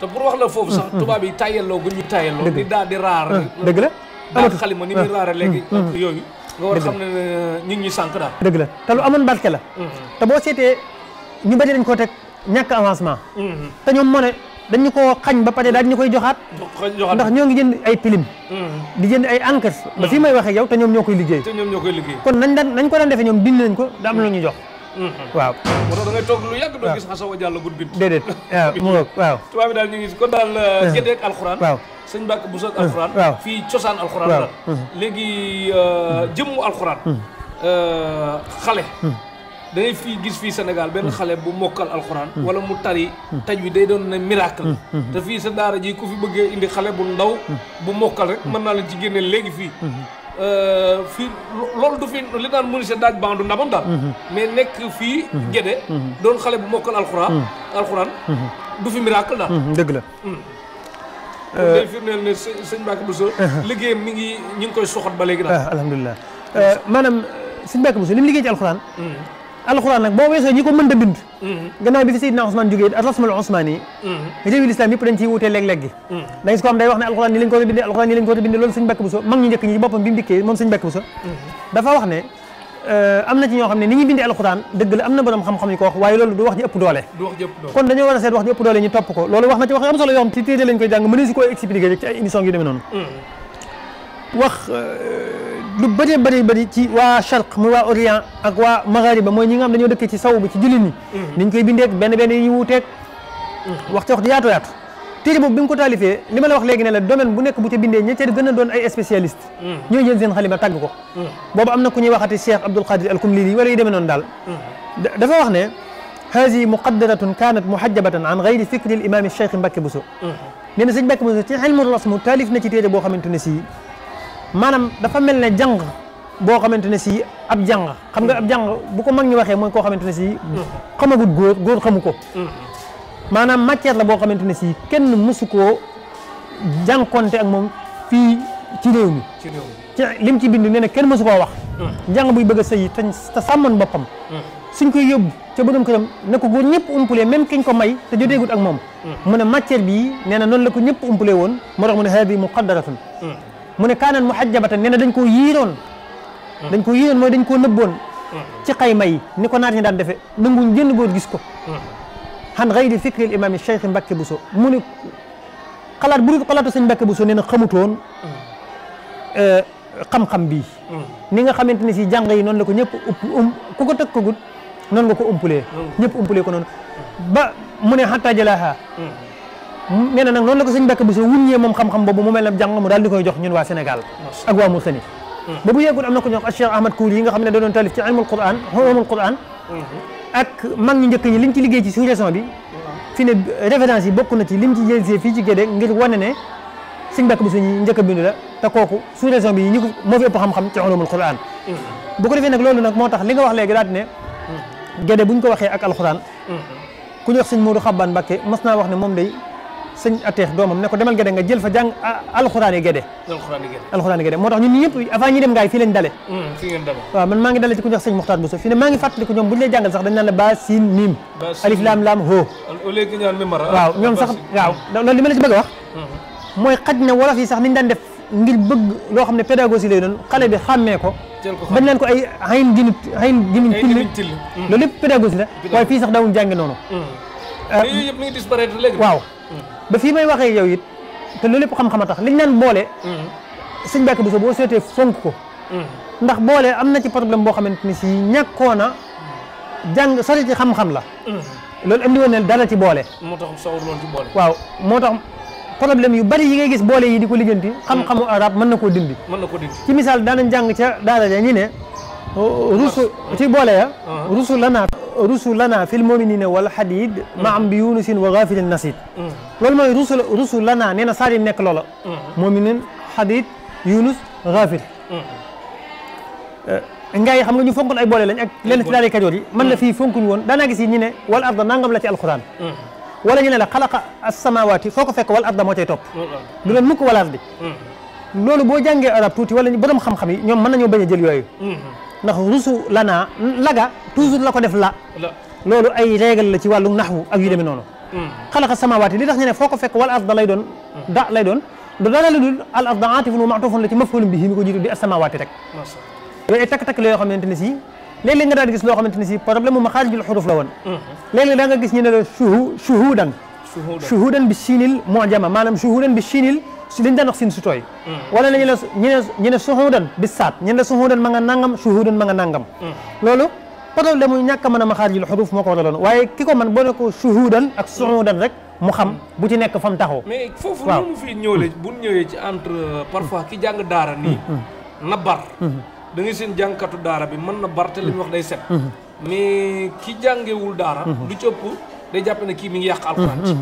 te pour wax la foofu sax mm-hmm. tubaab yi tàyyaloo gu ñu tàyyaloo di daal di raar ah, dëgg la daal xalima ni muy raare ah. léegi mm-hmm. yooyu nga war ñu ngi ñu sànq dëgg la te lu amoon barke la mm-hmm. te boo seetee ñu bëri dañ koo teg ñàkk avancement te ñoom moo ne dañu xañ ba pare daal ñu koy joxaat ndax ñoo ngi jënd ay pilim di jënd ay encre ba fii may waxee yow te ñoom ñoo koy liggéey ñoo koy liggéey kon nañ daan nañ ko daan defee ñoom bind nañ ko da am lu ñu jox Mm-hmm. waaw moo tax da toog lu yàgg doo gis xasaw a jàll bud bit déedéet waaw mu ngoog waaw tubaab daal ñu ngi kon daal euh, gédeek alxuraan waaw sëñ bu soog alxuraan fii cosaan alxuraan la mm-hmm. léegi euh, mm-hmm. euh, da fii gis fii Sénégal benn xale bu mokkal alxuraan wala mu tari taj wi day doon ne miracle te fii sa daara ji ku fi bëggee indi xale bu ndaw bu mokkal rek mën naa la ci génne léegi fii Euh, fii loolu du fi li naan menuisier daaj bandu ndamam daal mhm. mais nekk fii mhm. géde mhm. doon xale bu mokkal alxuraan alxuraan du fi miracle daal dëgg la day euh, firndeel liggéey sëñ [laughs] uh-huh. mi ngi ñu ngi koy soxat ba léegi daal ah, alhamdulilah euh, maanaam sëñ Mbacke Bousso mu liggéey ci alxuraan alxuraan nag boo weesoo ñi ko mënta bind mhm. gannaaw bi fi Seydina Ousmane jógee arrasmul Ousmane yi réewi mhm. lislaam yëpp mhm. nga si ko am day wax ne alxuraan ni lañ ko dafa wax ne euh, am na ci ñoo xam ne ni ñuy bindee alxuraan dëgg la am na borom xam-xam ñu ko wax waaye loolu du wax ji ëpp doole kon dañoo war a seet wax ji ëpp doole ñu topp ko loolu wax na ci wax am solo yoo xam ci téere lañ koy jàng mënees si ko expliquer ci ay émission yu demee noonu euh, lu bëree bëri bëri ci waa charq muy waa orient ak waa maghariba mooy ñi nga xam dañoo dëkk ci saw bi ci jullit ñi mm-hmm. niñ koy bindeeg benn benn yi wuuteeg mm-hmm. wax ci wax di yaatu boobu bi taalifee li wax léegi ne la bu nekk bu ca bindee ña ca gën a doon ay spécialiste mm-hmm. ñooy jël xalima tàgg boobu am na ñuy waxati cheikh abdul qadir al kumlili wala yu demee daal dafa wax ne haasi muqaddaratun kaanat taalif na ci téere boo xamante maanaam dafa mel ne jàng boo xamante ne si ab jàng xam nga ab jàng bu ko mag ñi waxee mooy koo xamante ne si xamagut góor góor xamu ko maanaam matière la boo xamante ne si kenn mësu koo jànkonte ak moom fii ci mi ci lim ci bind nee na kenn mësu koo wax jàng buy bëgg a sëyi te te sàmmoon boppam suñ koy yóbbu ca borom këram ne ko góor ñëpp umpule même kiñ ko may te joteegut ak moom mu ne matière bii nee na noonu la ko ñëpp umpule woon moo tax mu ne haadi muqaddaratun mu ne kaanan muhajjabatan nee na dañ koo yiiroon mm. dañ koo yiiroon mooy dañ koo nëbboon mm. ci xayma yi ni ko naar ñi daan defe nanguñ jënn góor gis ko xan mm. xayri fikri imaam Cheikh Mbacke Bousso mu ne xalaat bu xalaatu sëñ Mbacke Bousso nee na xamutoon euh, xam-xam bii ni nga xamante ne si jàng yi noonu la ko ñëpp upp ko um, ku ko tëkkagut noonu nga ko umpulee ñëpp umpulee ko noonu ba mu ne xatta jalaaha nee na nag noonu la ko moom xam-xam boobu mu mel ne jàng mu daal di jox ñun waa Sénégal ak waa Mauritanie hmm. ba bu yeggul am na ko ñox Cheikh Ahmad Kouli nga xam ne doon taalif ci ilmul Qur'an ulumul Qur'an hmm. ak mag ñu njëkk ñi liggéey ci sous-région bi hmm. fi ne référence yi na ci lim ci jëlsee fii ci Guédé ngir wane ne sëñ Mbàkke Bousso ñi njëkk a la te kooku sous-région bi ñi ko moo fi ëpp xam-xam ci ulumul Qur'an bu ko defee nag loolu nag moo tax li nga wax léegi daal ne Guédé buñ ko waxee ak alxuraan ku ñu wax sëñ Modou Xabbaan Mbàkke naa wax ne moom day sëñ atteex doomam ne ko demal gede nga jël fa jàng alxuraani gede alxuraani gede moo tax ñun ñëpp avant ñuy dem ngaay fii lañ mm, dale waaw man maa ngi dale ci ku ñuy wax sëñ Muxtaar fii ne maa ngi fàttaliku ñoom bu ñu lay sax dañ la ba miim alif laam laam ho waaw ah, ñoom sax waaw li ma la ci bëgg a wax mm-hmm. mooy xaj na wolof yi sax niñ daan ngir bëgg loo xam ne pédagogie lay doon xale bi xàmmee ko bañ leen ko ay xayin ginu xayin ginu till mm. loolu lépp pédagogie waaye ba fii may waxee yow it te lool lépp xam-xam a tax liñ naan boole. Mm-hmm. sëñ Mbàkke Buso boo seetee fonk ko. Mm-hmm. ndax boole am na ci problème boo xamante ni si ñàkkoon a jàng sori ci xam-xam la. Mm-hmm. lool andi woon ne dara ci boole. moo tax sawar loolu ci boole. waaw moo tax problème yu bari yi ngay gis boole yi di ko lijjanti. xam-xamu arab mën na koo dindi. mën na koo dindi ci misaal daanañ jàng ca daara ja ñi ne. rusu ci boole ya ah. ah. rusu lana rusu la fil muminina wal hadid ma am bi wa gafilin nasid mm. loolu mooy rusu rusu lana nee na saar yi nekk loola mm. muminin hadid yunus gafil ngay mm. eh, xam nga ñu fonkoon ay boole lañ ak lenn ci daal kajoor yi man la fii fonkuñu woon daanaa gis yi ñu ne wal arda nangam la ci alquran wala ñu ne la xalaqa as-samawati foo ko fekk wal arda moo cay topp du doon mukk wal ardi loolu boo jàngee arab tuuti wala borom xam-xam yi ñoom mën nañoo bañ a jël ndax rusu lanaa laga toujours la ko def la loolu ay régal la ci wàllu naxwu ak yu demee noonu hmm. xalaqa samawaati li tax ñu ne fekk wal arda lay doon hmm. da lay doon du dara lu dul al arda aatifun wa maatufun la ci mafulum bi mi ko jiitu di asamawaati rek yooyu ay takk-takk la yoo xamante ne si léeg-léeg nga daal di gis loo xamante ne si problème mu maxaarijul xuruf la woon hmm. léeg-léeg da gis ñu shuhu shuhudan shuhudan bi siinil mojama maanaam shuhudan bi siinil li daan wax siin su tooy hmm. wala nañu la ñu ne bi saat ñu ne ma nga nangam shuhudan ma nga nangam hmm. loolu problème mu ñàkk a mën a maxaarij al xuruf moo ko waraloon waaye ki ko man boo ne ko shuhudan ak shuhudan rek mu xam hmm. bu ci nekk fa mu taxaw mais foofu nu mu fi ñëwle bu ñëwee ci entre parfois ki jàng daara nii na bar da ngay seen jàngkatu daara bi mën na bar te li ñu wax day day jàpp ne kii mi ngi yàq alxuraan ci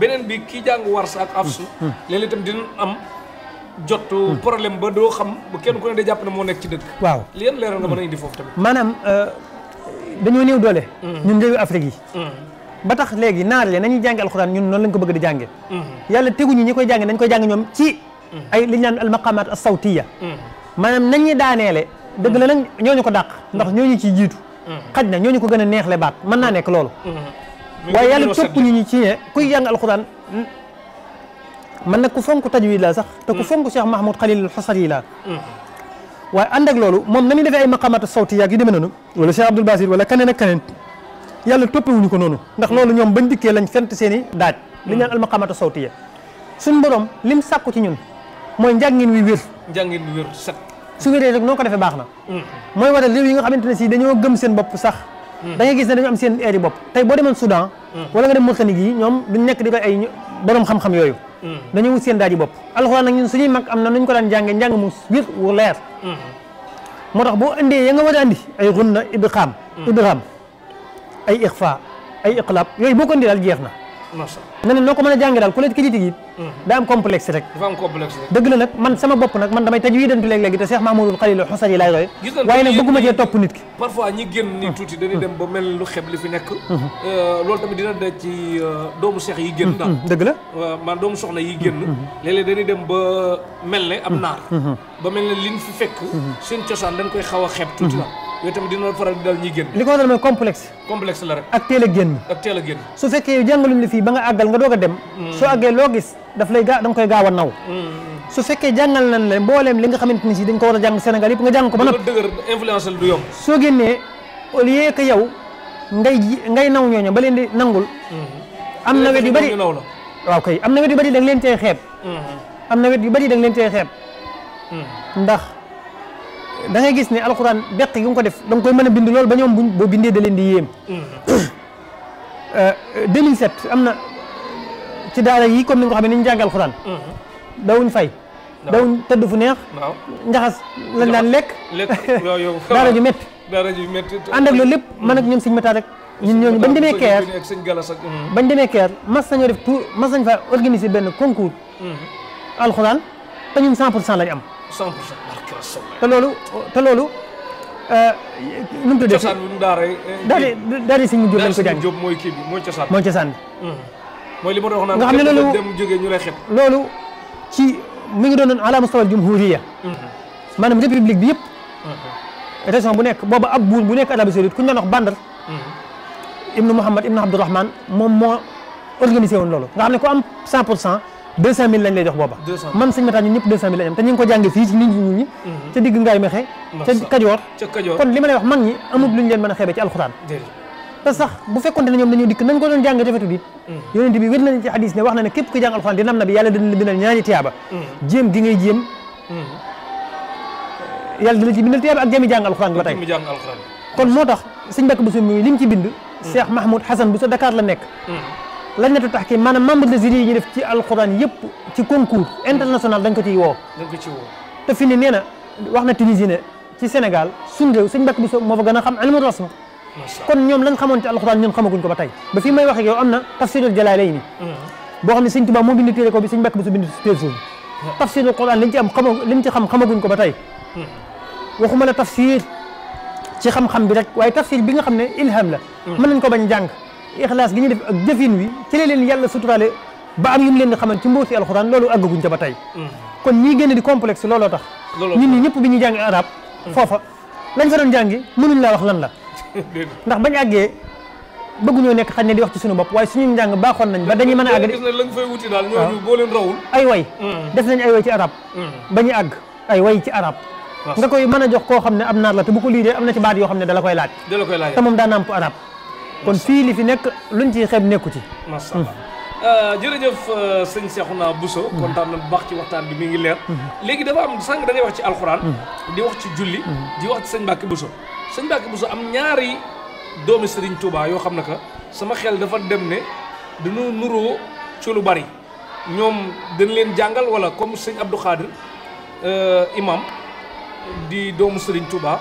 beneen bi kii jàng warsa ak afsu léeg-léeg itam dinañ am jot problème ba doo xam ba kenn ku ne day jàpp ne moo nekk ci dëkk waaw li yan leeral nga mën a indi foofu tamit maanaam euh, dañoo néew doole mm-hmm. yi mm-hmm. ba tax léegi naar le nañuy jànge alxuraan ñun noonu ko bëgg di jànge mm-hmm. yàlla teguñu ñi koy jànge nañ koy jàng ñoom ci ay li ñu naan almaqamat as-sawtiya maanaam nañuy daaneele dëgg la nag ñooñu ko dàq ndax ñooñu ciy jiitu xaj na ñooñu ko gën a neexle baat mën naa nekk loolu waaye yàlla topp ñu ñu ci ne kuy jàng alxuraan mm, man nag ku fonk tajwid laa sax te ku mm. fonk Cheikh Mahmoud Khalil al-Husari laa mm. waaye ànd ak loolu moom na muy defee ay maqaamaat sawti yaag yu demee noonu wala Cheikh Abdoul Basir wala keneen ak keneen yàlla toppewuñu ko noonu ndax loolu ñoom bañ dikkee lañ fent seen i daaj li ñaan al maqaamaat sawtiya suñ borom lim sàkku ci ñun mooy njàngin wi wér njàngin wi wér su wéree rek noo ko defee baax na mooy waral réew si dañoo gëm seen bopp sax Hmm. da ngay gis ne dañu am seen air yi bopp tey boo demoon Soudan hmm. wala nga dem Mauritanie yi ñoom duñ nekk di koy ay borom xam-xam yooyu hmm. dañuy wut seen daaj bopp alxuraan nag ñun suñuy mag am na nuñ ko daan jànge njàng mu wér wu leer moo tax boo indee ya nga war a andi ay runna ibxaam ibxaam ay ixfa ay iqlab yooyu boo ko indi daal jeex na ne la noo ko mën a jàngi daal ku la critique hmm. daa am complexe rek dëgg la nag man sama bopp nag man damay taj wii dantu léeg-léegi te Cheikh Mahmoudou Khalil Husari laay roy waaye nag bëgguma cee topp nit ki parfois ñi génn ni hmm. tuuti dañuy dem ba mel lu xeb li fi nekk hmm. euh, da euh, euh, dem ba mel ne am naar ba mel ne liñ fi fekk seen cosaan dañ koy xaw a xeeb tuuti la yooyu tamit li ko waral mooy complexe complexe la rek ak teel a génn su fekkee jàngaluñ la fii ba nga àggal nga doog a dem mm. soo àggee loo gis daf lay gaaw da nga koy gaaw a naw mm, mm. su fekkee jàngal nañ la mbooleem li nga xamante ni si dañ ko war a jàng Sénégal yëpp nga jàng ko ba noppi soo génnee au lieu que yow ngay ngay naw ñooñu ba leen di nangul mm-hmm. am na wet yu bari waaw kay am na wet yu da nga leen cay xeeb am na wet yu bari da nga leen cay xeeb mm-hmm. mm-hmm. ndax da ngay gis ne alxuraan beq gi nga ko def da koy mën a bind loolu ba ñoom buñ boo bindee da leen di yéem. 2007 euh, am na ci daara yi ko ni nga ko xamee ni ñu jàng alxuraan. dawuñ fay. dawuñ tëdd fu neex. waaw njaxas lañ daan lekk. lekk yooyu [laughs] daara ju métti. daara ju métti ànd ak loolu lépp man ak ñoom suñu métaat rek. ñun ñooñu bañ demee keer mm-hmm. bañ demee keer mas nañoo def tout mas nañ fa organiser benn concours. Mm-hmm. alxuraan tañu ñun 100 pour cent lañ am. 100 te loolu te loolu. Eh, nu mu tuddee cosaan bi nu daaree. Eh, daal di daal di suñu jóg lañ ko jàng jóg mooy kii bi mooy cosaan bi mooy cosaan bi. Hmm. mooy li ma doon wax naan nga xam ne loolu dem jógee ñu lay xet. loolu ci mi ngi doon doon ala mustawa jumhuriya hmm. maanaam république bi yëpp. Hmm. région bu nekk booba ab buur bu nekk Arabie Saoudite ku ñu doon wax Bandar. Ibnu Muhammad Ibnu Abdurahman moom moo organisé woon loolu nga xam ne ku am 100 pour cent. 200000 lañ lay jox booba mam sëñ Matar ñun ñëpp 200000 lañ am te ñu ngi ko jànge fii ci nit ñi mhm. ca digg ngaay mexe ca Kajoor kon li ma lay wax mag ñi amul lu ñu leen mën a xeebe ci alxuraan te sax bu fekkonte ne ñoom dañoo dikk nañ ko doon jàng tefetu bi mhm. yonent bi wér nañ ci hadis ne wax na ne képp ku jàng alxuraan dina am na bi yàlla dina la bindal ñaari tiyaaba mhm. jéem gi ngay jéem yàlla dina ci bindal tiyaaba ak jëmi jàng alxuraan ba tey kon moo tax sëñ Mbàkke Buso mi li mu ci bind Cheikh Mahmoud Hasan Buso Dakar la nekk lajnatu tahkim maanaam membre de jury yi ñu def ci alquran yëpp ci concours international dañ ko ciy woo. dañ ko nee na wax na Tunisie ne ci Sénégal suñu réew suñu mbokk moo fa gën a xam ilmu rasm kon ñoom lañ xamoon ci alquran ñun xamaguñ ko ba tey ba fii may wax ak mm-hmm. bi sëñ mbàkk bi su bind téere mm-hmm. tafsirul am xama mm-hmm. la tafsir ci xam waaye tafsir bi nga xam ne ilham la mën nañ ko bañ jàng ixlaas gi ñuy def ak jëfin wi ci la leen yàlla suturaale ba am yu mu leen di xamal ci mbooti alxuraan loolu àggaguñ ca ba tey mm-hmm. kon ñii génn di complexe looloo tax ñun ñi ñëpp bi ñuy jàngi arab mm-hmm. foofa lañ fa doon jàngi mënuñ laa wax lan la [laughs] ndax bañ àggee bëgguñoo nekk xañ ne di wax ci suñu bopp waaye suñu njàng baaxoon nañ ba dañuy mën a àgg gis na lañ fay wuti daal ñooñu boo ay way mm-hmm. def nañ ay way ci arab ba ñu àgg ay way ci arab nga koy mën a jox koo xam ne am naar la te bu lii dee kon fii li fi nekk luñ ci xeeb nekku ci. macha hmm. allah euh, jërëjëf euh, sëñ naa Bousso. Hmm. kontaan na bu baax ci waxtaan bi mi ngi leer. Hmm. léegi dafa am sànq da ngay wax ci alxuraan. di wax ci julli. di wax ci sëñ Mbacke Bousso. sëñ Mbacke am ñaari doomi sëriñ Touba yoo xam na que sama xel dafa dem ne dañoo nuroo ci lu bari ñoom dañ leen jàngal wala comme sëñ Abdou Khadir euh, imam di doomu sëriñ Touba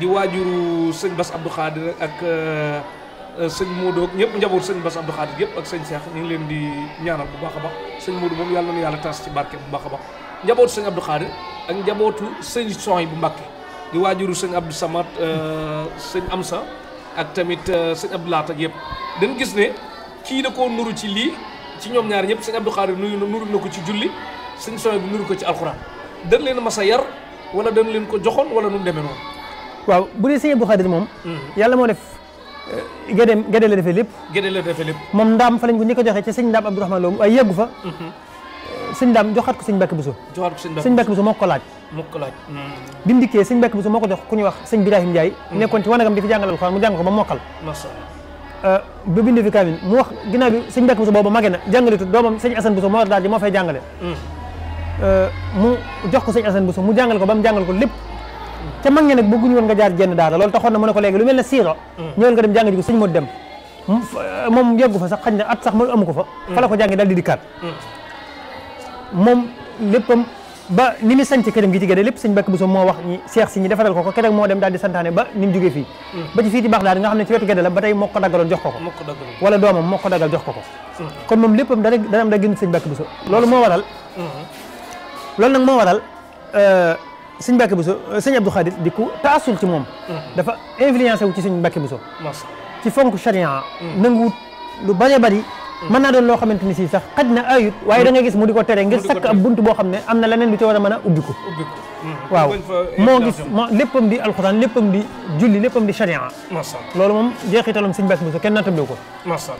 di waajuru sëñ Bass Abdou Khadir ak. Euh, sëñ Modou ak ñëpp njaboot sëñ Bass Abdou Khadir yëpp ak sëñ Cheikh ñu ngi leen di ñaanal bu baax a baax sëñ Modou moom yàlla na yàlla tas ci barke bu baax a baax njabootu sëñ Abdou Khadir ak njabootu sëñ Soy bu Mbàkke di waajuru sëñ Abdou Samad euh, sëñ ak tamit euh, sëñ Abdou yëpp dañ gis ne kii da koo ci lii ci ñoom ñaar ñëpp sëñ Abdou Khadir nuyu na ko ci julli sëñ Soy bu nuru ko ci alxuraan dañ leen mas a yar wala dañ leen ko joxoon wala nu demee noonu waaw hmm. moo def Gédé Gédé la defee lépp. Gédé la defee lépp. moom ndaam fa lañ ko njëkk a joxe ci sëñ ndaam Abdourahmane Lo waaye yeggu fa. Mhm. sëñ ndaam joxaat ko sëñ Mbàkke Buso. joxaat ko sëñ Mbàkke Buso sëñ laaj. moo ko laaj. Mhm. bi mu dikkee sëñ jox ku ñuy wax sëñ Birahim Ndiaye. Mhm. nekkoon ci wanagam di fi jàngal alxuraan mu jàngal ko ba mu jàngal ko lépp te mag ñi nag bëgguñu woon nga jaar jenn daara loolu taxoon na mu a ko léegi lu mel ne siiro mm. ñëwel nga dem jàng ji ko sëñ moo dem mm. moom yeggu fa sax xañ na at sax la ko jàngi daal di dikkaat mm. moom léppam ba ni mu gi ci gëdee lépp moo wax ñi seex si ko ko keroog moo dem daal di santaane ba ni mu fii ba ci fii ci Baxdaad nga xam ne ci wetu gëdee la ba tey moo ko daggaloon jox ko ko wala doomam moo ko daggal jox ko ko kon moom léppam da gën moo waral sëñ Mbàkke Bousso euh, sëñ Abdou Khadir di ku taasul ci moom. Mm-hmm. dafa influencé wu ci sëñ Mbàkke Bousso. ci fonk charia mm-hmm. nanguwut lu bëree bëri. mën naa doon loo xamante ni si sax xaj na ayut waaye da nga gis mu di ko tere ngir sakk ab bunt boo xam ne am na leneen lu ci war a mën a ubbi ko waaw moo gis moo léppam di alxuraan léppam di julli léppam di charia loolu moom jeexitalum sëñ Mbàkke Buso kenn nattable ko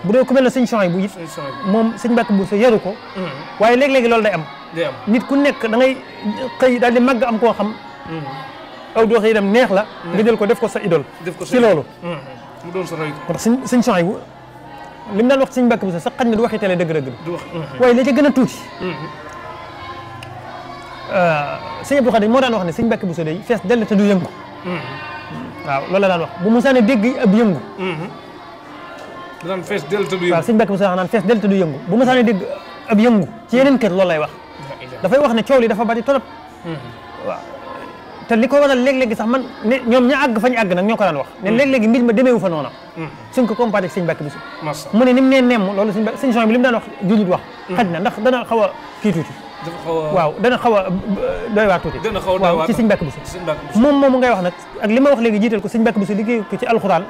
bu dee ku mel ne sëñ Soxay bu moom sëñ Mbàkke Buso yaru ko mm-hmm. waaye léeg-léegi loolu day am nit ku nekk da ngay xëy daal di màgg am koo xam mm-hmm. aw dooxe yi dem neex la mm-hmm. nga jël ko def ko sa idole ci loolu mu doon sa rëy ndax sëñ Soxay li mu daan wax suñu mbàkk bi sa xaj na du waxi télé dëgg-dëgg bi mm-hmm. waaye la ca gën a tuuti mm-hmm. euh, sëñ Abdou Khadim moo daan wax ne sëñ Mbàkke Bousso day fees dell te du yëngu mm-hmm. loolu la daan wax bu musaane dégg ab yëngu daan fees dell te du yëngu waaw sëñ Mbàkke Bousso wax naan fees dell te du yëngu bu mu musaane dégg ab yëngu ci yeneen kër loolu lay wax dafay wax ne coow li dafa bari trop waaw te li ko waral léeg-léegi sax man ne ñoom ña àgg fañu àgg nag ñoo ko daan wax ne mm. léeg-léegi mbir ma demeewu fa noona mm. suñ ko comparé ak sëñ Mbàkke Buso mu ne ni mu nee nemm loolu sëñ sëñ son bi li mu daan wax jullit wax mm. xaj na ndax dana xaw a kii tuuti waaw dana xaw a euh, doy waar tuuti waaw ci sëñ Mbàkke Buso moom moomu ngay wax nag ak li ma wax léegi jiital ko sëñ Mbàkke Buso liggéey ko ci alxuraan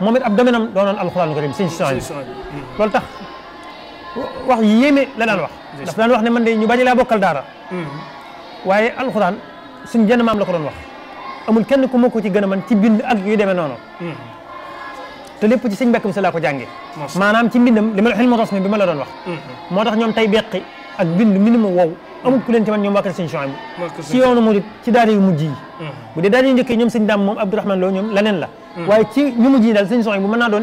moom it ab domaine am doonoon alxuraan ko dem sëñ son bi loolu tax wax yéeme la daan wax daf daan wax ne man de ñu bañ laa bokkal daara waaye alxuraan suñ jenn maam la ko doon wax amul kenn ku ma ko ci gën a mën ci bind ak yu demee noonu hmm. te lépp ci sëñ Mbàkke sa laa ko jànge maanaam ci mbindam li ma la xel motos mi bi ma la doon wax hmm. moo tax ñoom tey beqi ak bind mbind mu wow amul ku leen ci man ñoom waa kër sëñ Chouaïb ci yoonu murit ci daara yu mujj yi hmm. bu dee daara yu njëkkee ñoom sëñ daam moom Abdourahmane Lo la daal sëñ Chouaïb bu mën naa doon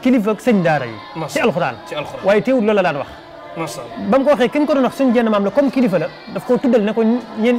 kilifa ak sëñ daara ci alxuraan waaye teewul loolu la daan wax ba ko waxee kenn ko doon wax suñu jenn maam la comme kilifa la daf koo tuddal ne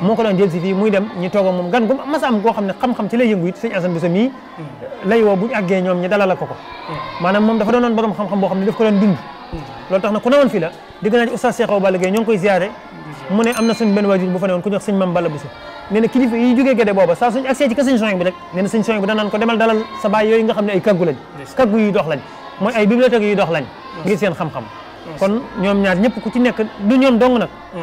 moo ko doon jël fii muy dem ñu toog moom gan gu mas am xam ne xam-xam ci lay yëngu it sëñ Assane Bousso mii lay woo bu ñu àggee ñoom ñi dalal ko ko maanaam moom dafa doonoon borom xam-xam boo xam ne daf ko doon bind loolu tax na ku newoon fii la dégg naa ci oustaz Cheikh Awa Balla Gueye ñoo mu ne am na suñ benn waajur bu fa newoon ku ko ñoom ñaar ñëpp ku ci nekk du ñoom dong nag mm.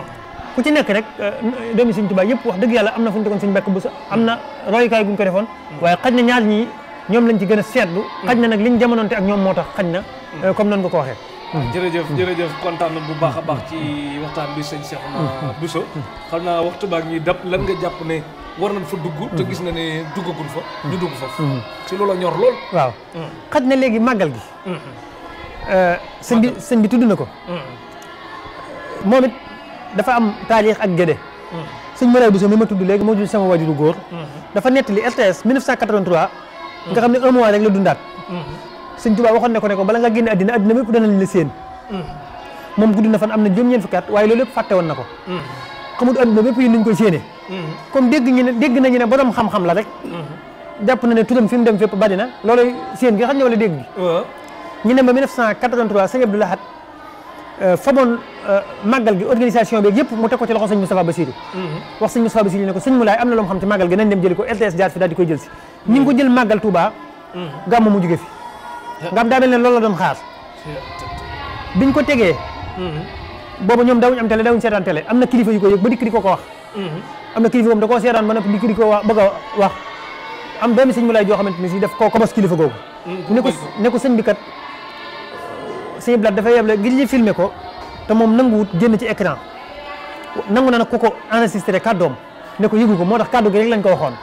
ku ci nekk rek euh, doomi Sëñ Tuubaa yëpp wax dëgg yàlla am na fu mu tegoon Sëñ Mbàkke Buso am na royukaay gu ko defoon mm. waaye xaj ñoom lañ ci gën a seetlu mm. xaj na nag liñ jamonoonte ak ñoom moo tax xaj na mm. euh, comme noonu nga ko waxee ah, jërëjëf jërëjëf kontaan na bu baax a baax ci waxtaan bi sëñ Cheikhouna Bousso xam naa waxtu baak ñuy dab lan nga jàpp ne war nañ fa dugg te gis na ne duggagul fa ñu dugg fa ci loola ñor lool waaw xaj na léegi màggal gi mm-hmm. euh, sëñ bi sëñ bi tudd na ko dafa am taarix ak gédé hmm. sëñ Maraye Bousso mi ma tudd léegi moo jur sama waajuru góor hmm. dafa nettali RTS hmm. nga xam ne un mois rek la dundaat sëñ Tuubaa waxoon ne ko ne ko bala nga génne àddina àddina mépp danañ la séen moom gudd na fan am na juróom-ñeent fukki at waaye loolu yëpp fàtte woon na ko xamut àddina bépp yi nuñ ko séenee comme dégg ñu ne dégg nañu ne borom xam-xam la rek jàpp na ne turam fi dem fépp bari na loolu séen gi nga xam ne wala dégg gi ñu ne ba 1983 sëñ Abdou Lahad Euh, faboon euh, màggal gi organisation bi yëpp mu teg ko ci loxo sëñ Moustapha Bassirou mm-hmm. wax sëñ Moustapha Bassirou ne ko sëñ loo xam ci màggal gi nañ ko RTS mm-hmm. ngi ko jël màggal Touba mm-hmm. gàmmu mu am daa mel ne loolu la doon xaar biñ ko tegee boobu ñoom daawuñu am télé daawuñu seetaan télé am na kilifa yu ko yëg dikk di ko ko wax am na kilifa moom da koo seetaan ba noppi dikk di ko bëgg a wax am benn sëñ Moulay joo xamante ni si daf koo kobos kilifa googu ne ko ne ko sëñ bi kat sëñ Blaat dafa yeble ngir ñu filmer ko te moom nanguwut génn ci écran nangu na nag ku ko enregistré kàddoom ne nekku yëgu ko moo tax kàddu gi lañ ko waxoon.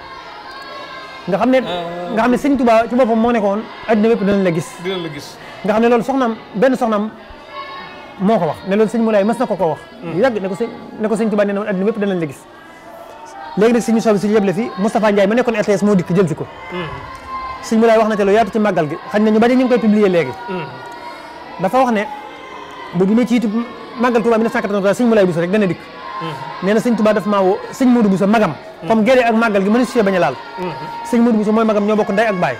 nga xam ne euh, nga xam ne sëñ Tuubaa ci boppam moo nekkoon adduna bépp dinañ la gis. dinañ la gis nga xam ne loolu soxnaam benn soxnaam moo ko wax ne loolu sëñ Moulay mës na ko ko wax. Hmm. ne ko sëñ ne ko sëñ Tuubaa nee na adduna bépp dinañ la gis. léegi nag suñu soxla si yëble fi Moustapha Ndiaye ma nekkoon RTS moo dikk jël si ko. Hmm. sëñ Moulay wax na te lu yaatu ci màggal gi xañ na ñu bari ñu ngi koy publier léegi hmm. dafa wax ne bu ñu ci màggal Touba 1983 sëñ Moulay Bousso rek dana dikk mm-hmm. nee na sëñ Touba daf maa woo sëñ Modou Bousso magam mm-hmm. comme géree ak màggal gi mënu si bañ a laal mm-hmm. sëñ Modou Bousso mooy magam ñoo bokk ndey ak baay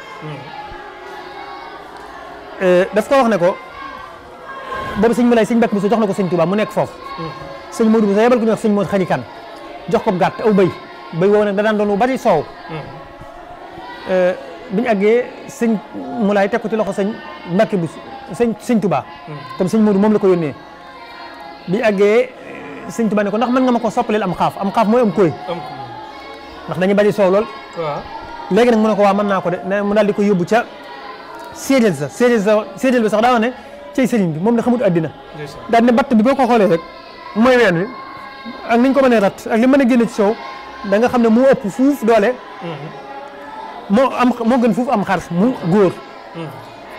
euh, daf ko wax ne ko boobu sëñ Moulay sëñ Mbacke Bousso jox na ko sëñ mu nekk foofu sëñ Modou Bousso yebal ko ñu wax sëñ Modou Xani Kan jox ko gàtt aw béy béy woowu nag da daan doon wu bari soow euh, bi àggee sëñ Moulay teg ko ci loxo sëñ Mbacke Bousso sëñ sëñ Touba. Hmm. comme sëñ Modou moom la ko yónnee. bi àggee eh, sëñ Touba ne ko ndax mën nga ma ko soppaleel am xaaf am xaaf mooy am koy. ndax dañuy bañ soow lool. léegi nag mu ne ko waa mën naa ko de nee mu daal di ko yóbbu ca séedéel sa séedéel sa séedéel bi sax daa ne cey sëriñ bi moom la xamut addina. daal batt bi boo ko xoolee rek mooy ween wi ak niñ ko mënee rat ak li mën a génne ci soow da nga xam ne moo ëpp fuuf doole. Hmm. moo am moo gën fuuf am xar mu góor. Hmm.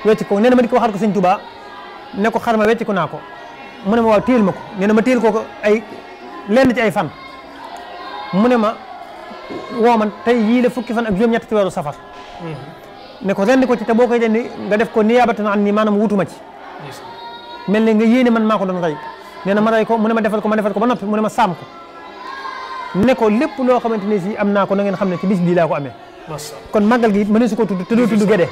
wecc ko nee na ma di ko waxal ko sëñ Touba ne ko xar ma wecc ko naa ko mu ne ma waaw téyel ma ko nee ma téyel ko ay lenn ci ay fan mu ne ma woo man tey yii fukki fan ak juróom-ñett ci weeru safar mm-hmm. nekko ko rendi ko ci te boo koy rendi nga def ko niyaabatan an nii maanaam ma ci mel ne nga yéene man maa ko doon rey nee na ma rey ko mu ne ma defal ko ma defal ko ba noppi mu ne ma saam ko ne ko lépp loo xamante ne si am naa ko na ngeen xam ne ci bis bii laa amee kon màggal gi it mëneesu ko tudd te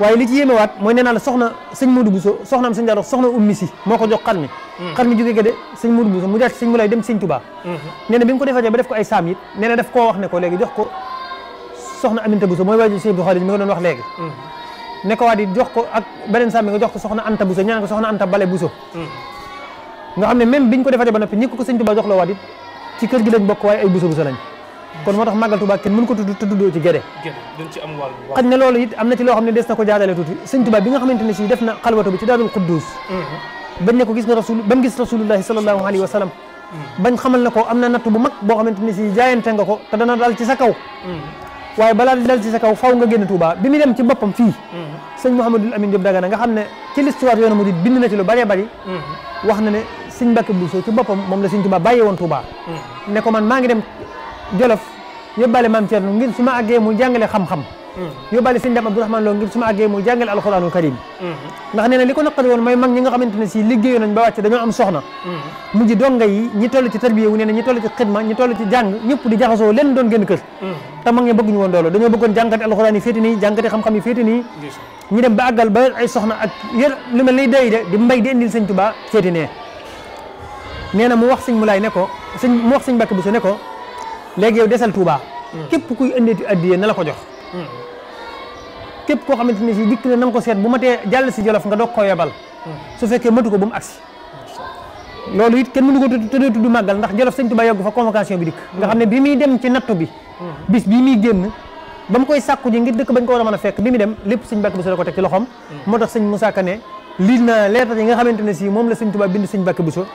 waaye li ci yéemewaat mooy nee naa la soxna sëñ Modou Bousso soxnaam sëñ Daaru soxna ummi si moo ko jox xar mi hmm. xar mi jógee gëde sëñ Modou Bousso mu jaar ci sëñ dem sëñ Touba hmm. nee na bi mu ko defee ba def ko ay saam it nee na daf koo ne ko léegi jox ko soxna Aminta Bousso mooy waajur sëñ Abdou Khadir mi nga doon wax léegi hmm. ko waat it beneen saam bi nga jox ko soxna Anta Bousso ñaan ko soxna Anta Bale Bousso nga xam ne même biñ ko defee ba noppi ñi ko ko sëñ Touba jox loo waat it ci kër gi lañ bokk waaye ay Bousso Bousso lañ kon moo tax màggal Tuubaa kenn mënu ko tudd te tuddoo ci gede xaj na loolu it am na ci loo xam ne des na ko jaadale tuuti sëñ Tuubaa bi nga xamante ne si def na xalwatu bi ci daarul Quddus mhm. bañ ne ko ba mu gis rasulullahi sallallahu alayhi wa sallam mhm. am na natt bu mag boo xamante ne si nga ko te dana dal ci mhm. ci sa kaw faw nga mu dem ci boppam fii sëñ nga xam ne ci l'histoire yoonu murid bind na ci lu bëree bëri wax na ne sëñ Mbacke Bousso ci boppam moom la sëñ Touba bàyyi woon Touba ne ko man maa dem Jolof yóbbaale maam Thierno ngir su ma mu jàngale xam-xam hmm. yóbbaale sëñ Dame Abdourahmane Lo ngir su ma àggee mu jàngale alxuraanul karim hmm. ndax nee na li ko naqari woon mooy mag ñi nga xamante ne si liggéeyoon nañ ba wàcc dañoo am soxna hmm. mujj donga yi ñi toll ci tarbiya wu nee na ñi toll ci xidma ñi toll ci jàng ñëpp di jaxasoo leen doon génn kër te mag ñi bëgguñu woon loolu dañoo bëggoon jàngate alxuraan yi féeti nii jàngate xam-xam ñu dem ba àggal ba ay soxna ak yër lu mel lay day de di mbay di indil sëñ Tuubaa féeti nee nee na mu wax sëñ Mulaay ne ko sëñ mu wax sëñ Mbàkke Buso ne ko léegi yow desal Touba. képp kuy indeeti addiya na la ko jox. képp koo xamante ne si dikk na na nga ko seet bu ma matee jàll si Jolof nga doog koo yebal. su fekkee matu ko bu mu agsi. loolu it kenn mënu ko tëddee tudd màggal ndax Jolof sëñ Touba yeggu fa convocation bi dikk. nga xam ne bi muy dem ci nattu bi. bis bii muy génn. ba mu koy sàkku ji ngir dëkk bañ ko war a mën a fekk bi mu dem lépp sëñ Bakk Bousso la ko teg ci loxoom. moo tax sëñ Moussa Kane lii yi nga xamante ne si moom la sëñ Touba bind sëñ Bakk Bousso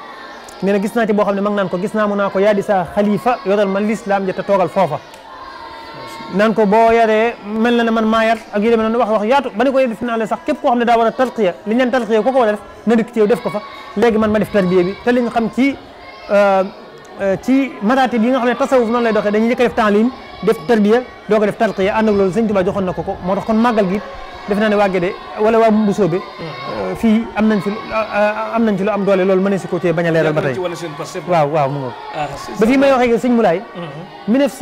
nee gis naa ci boo xam ne mag naan ko gis naa mu naa ko yaa di sa xalifa yoral lislaam ja te toogal foofa naan ko boo yaree mel na ne man maa yar ak yu demee noonu wax wax yaatu ba ne ko def naa la sax a talqiya a def na dikk ci yow def ko fa léegi man ma def tarbiya bi te li ñu xam ci euh, euh, ci maraatib yi nga xam ne tasawuf noonu lay doxee dañuy njëkk a def taalim def tarbiya doo ko def talqiya ànd loolu sëñ Tuubaa joxoon na ko ko moo tax kon màggal gi def naa ne waa Gédé wala waa Mbusoobe fii am nañ fi am nañ ci lu am doole loolu mënees ko cee bañ a leeral ba tey waaw waaw mu ngoog ah, ba fii may waxee sëñ Moulay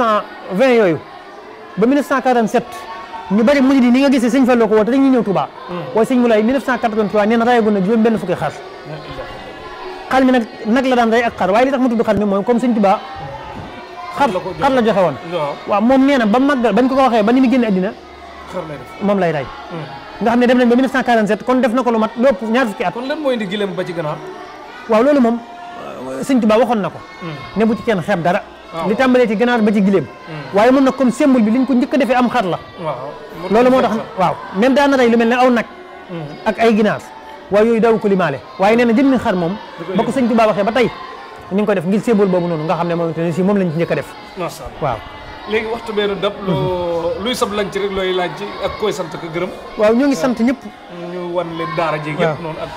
1920 mhm. ba 1947 ñu bari di ni nga gisee sëñ Fallou ko woote dañuy ñëw Touba mm. waaye sëñ Moulay 1983 nee na rayagu na juróom benn fukki xar xar la joxe woon moom nee ba màggal ko ko waxee ba ni mu génn àddina moom lay rey mm. nga xam ne dem nañ ba 1947 kon def na ko lu mat ba loolu moom euh, sëñ Tuubaa waxoon na ko. Hmm. ne bu ci kenn xeeb dara. li tàmbalee ci ganaar ba ci gileem. Hmm. waaye moom nag comme symbole bi liñ ko njëkk defee am xar la. waaw loolu moo tax waaw même daana rey lu mel ne aw nag. Hmm. ak ay ginaar waaye yooyu daawu ko limaale waaye nee na jëmmi xar moom. ba ko sëñ Tuubaa waxee ba tey. ni nga ko def ngir symbole boobu noonu nga xam ne moom itamit si moom lañ ci njëkk a def. léegi waxtu beenu dab. loo luy sab lañ ci looy laaj ci ak koy sant ko gërëm. waaw ñoo ngi sant ñëpp. ñu wan leen daara ji yëpp noonu ak.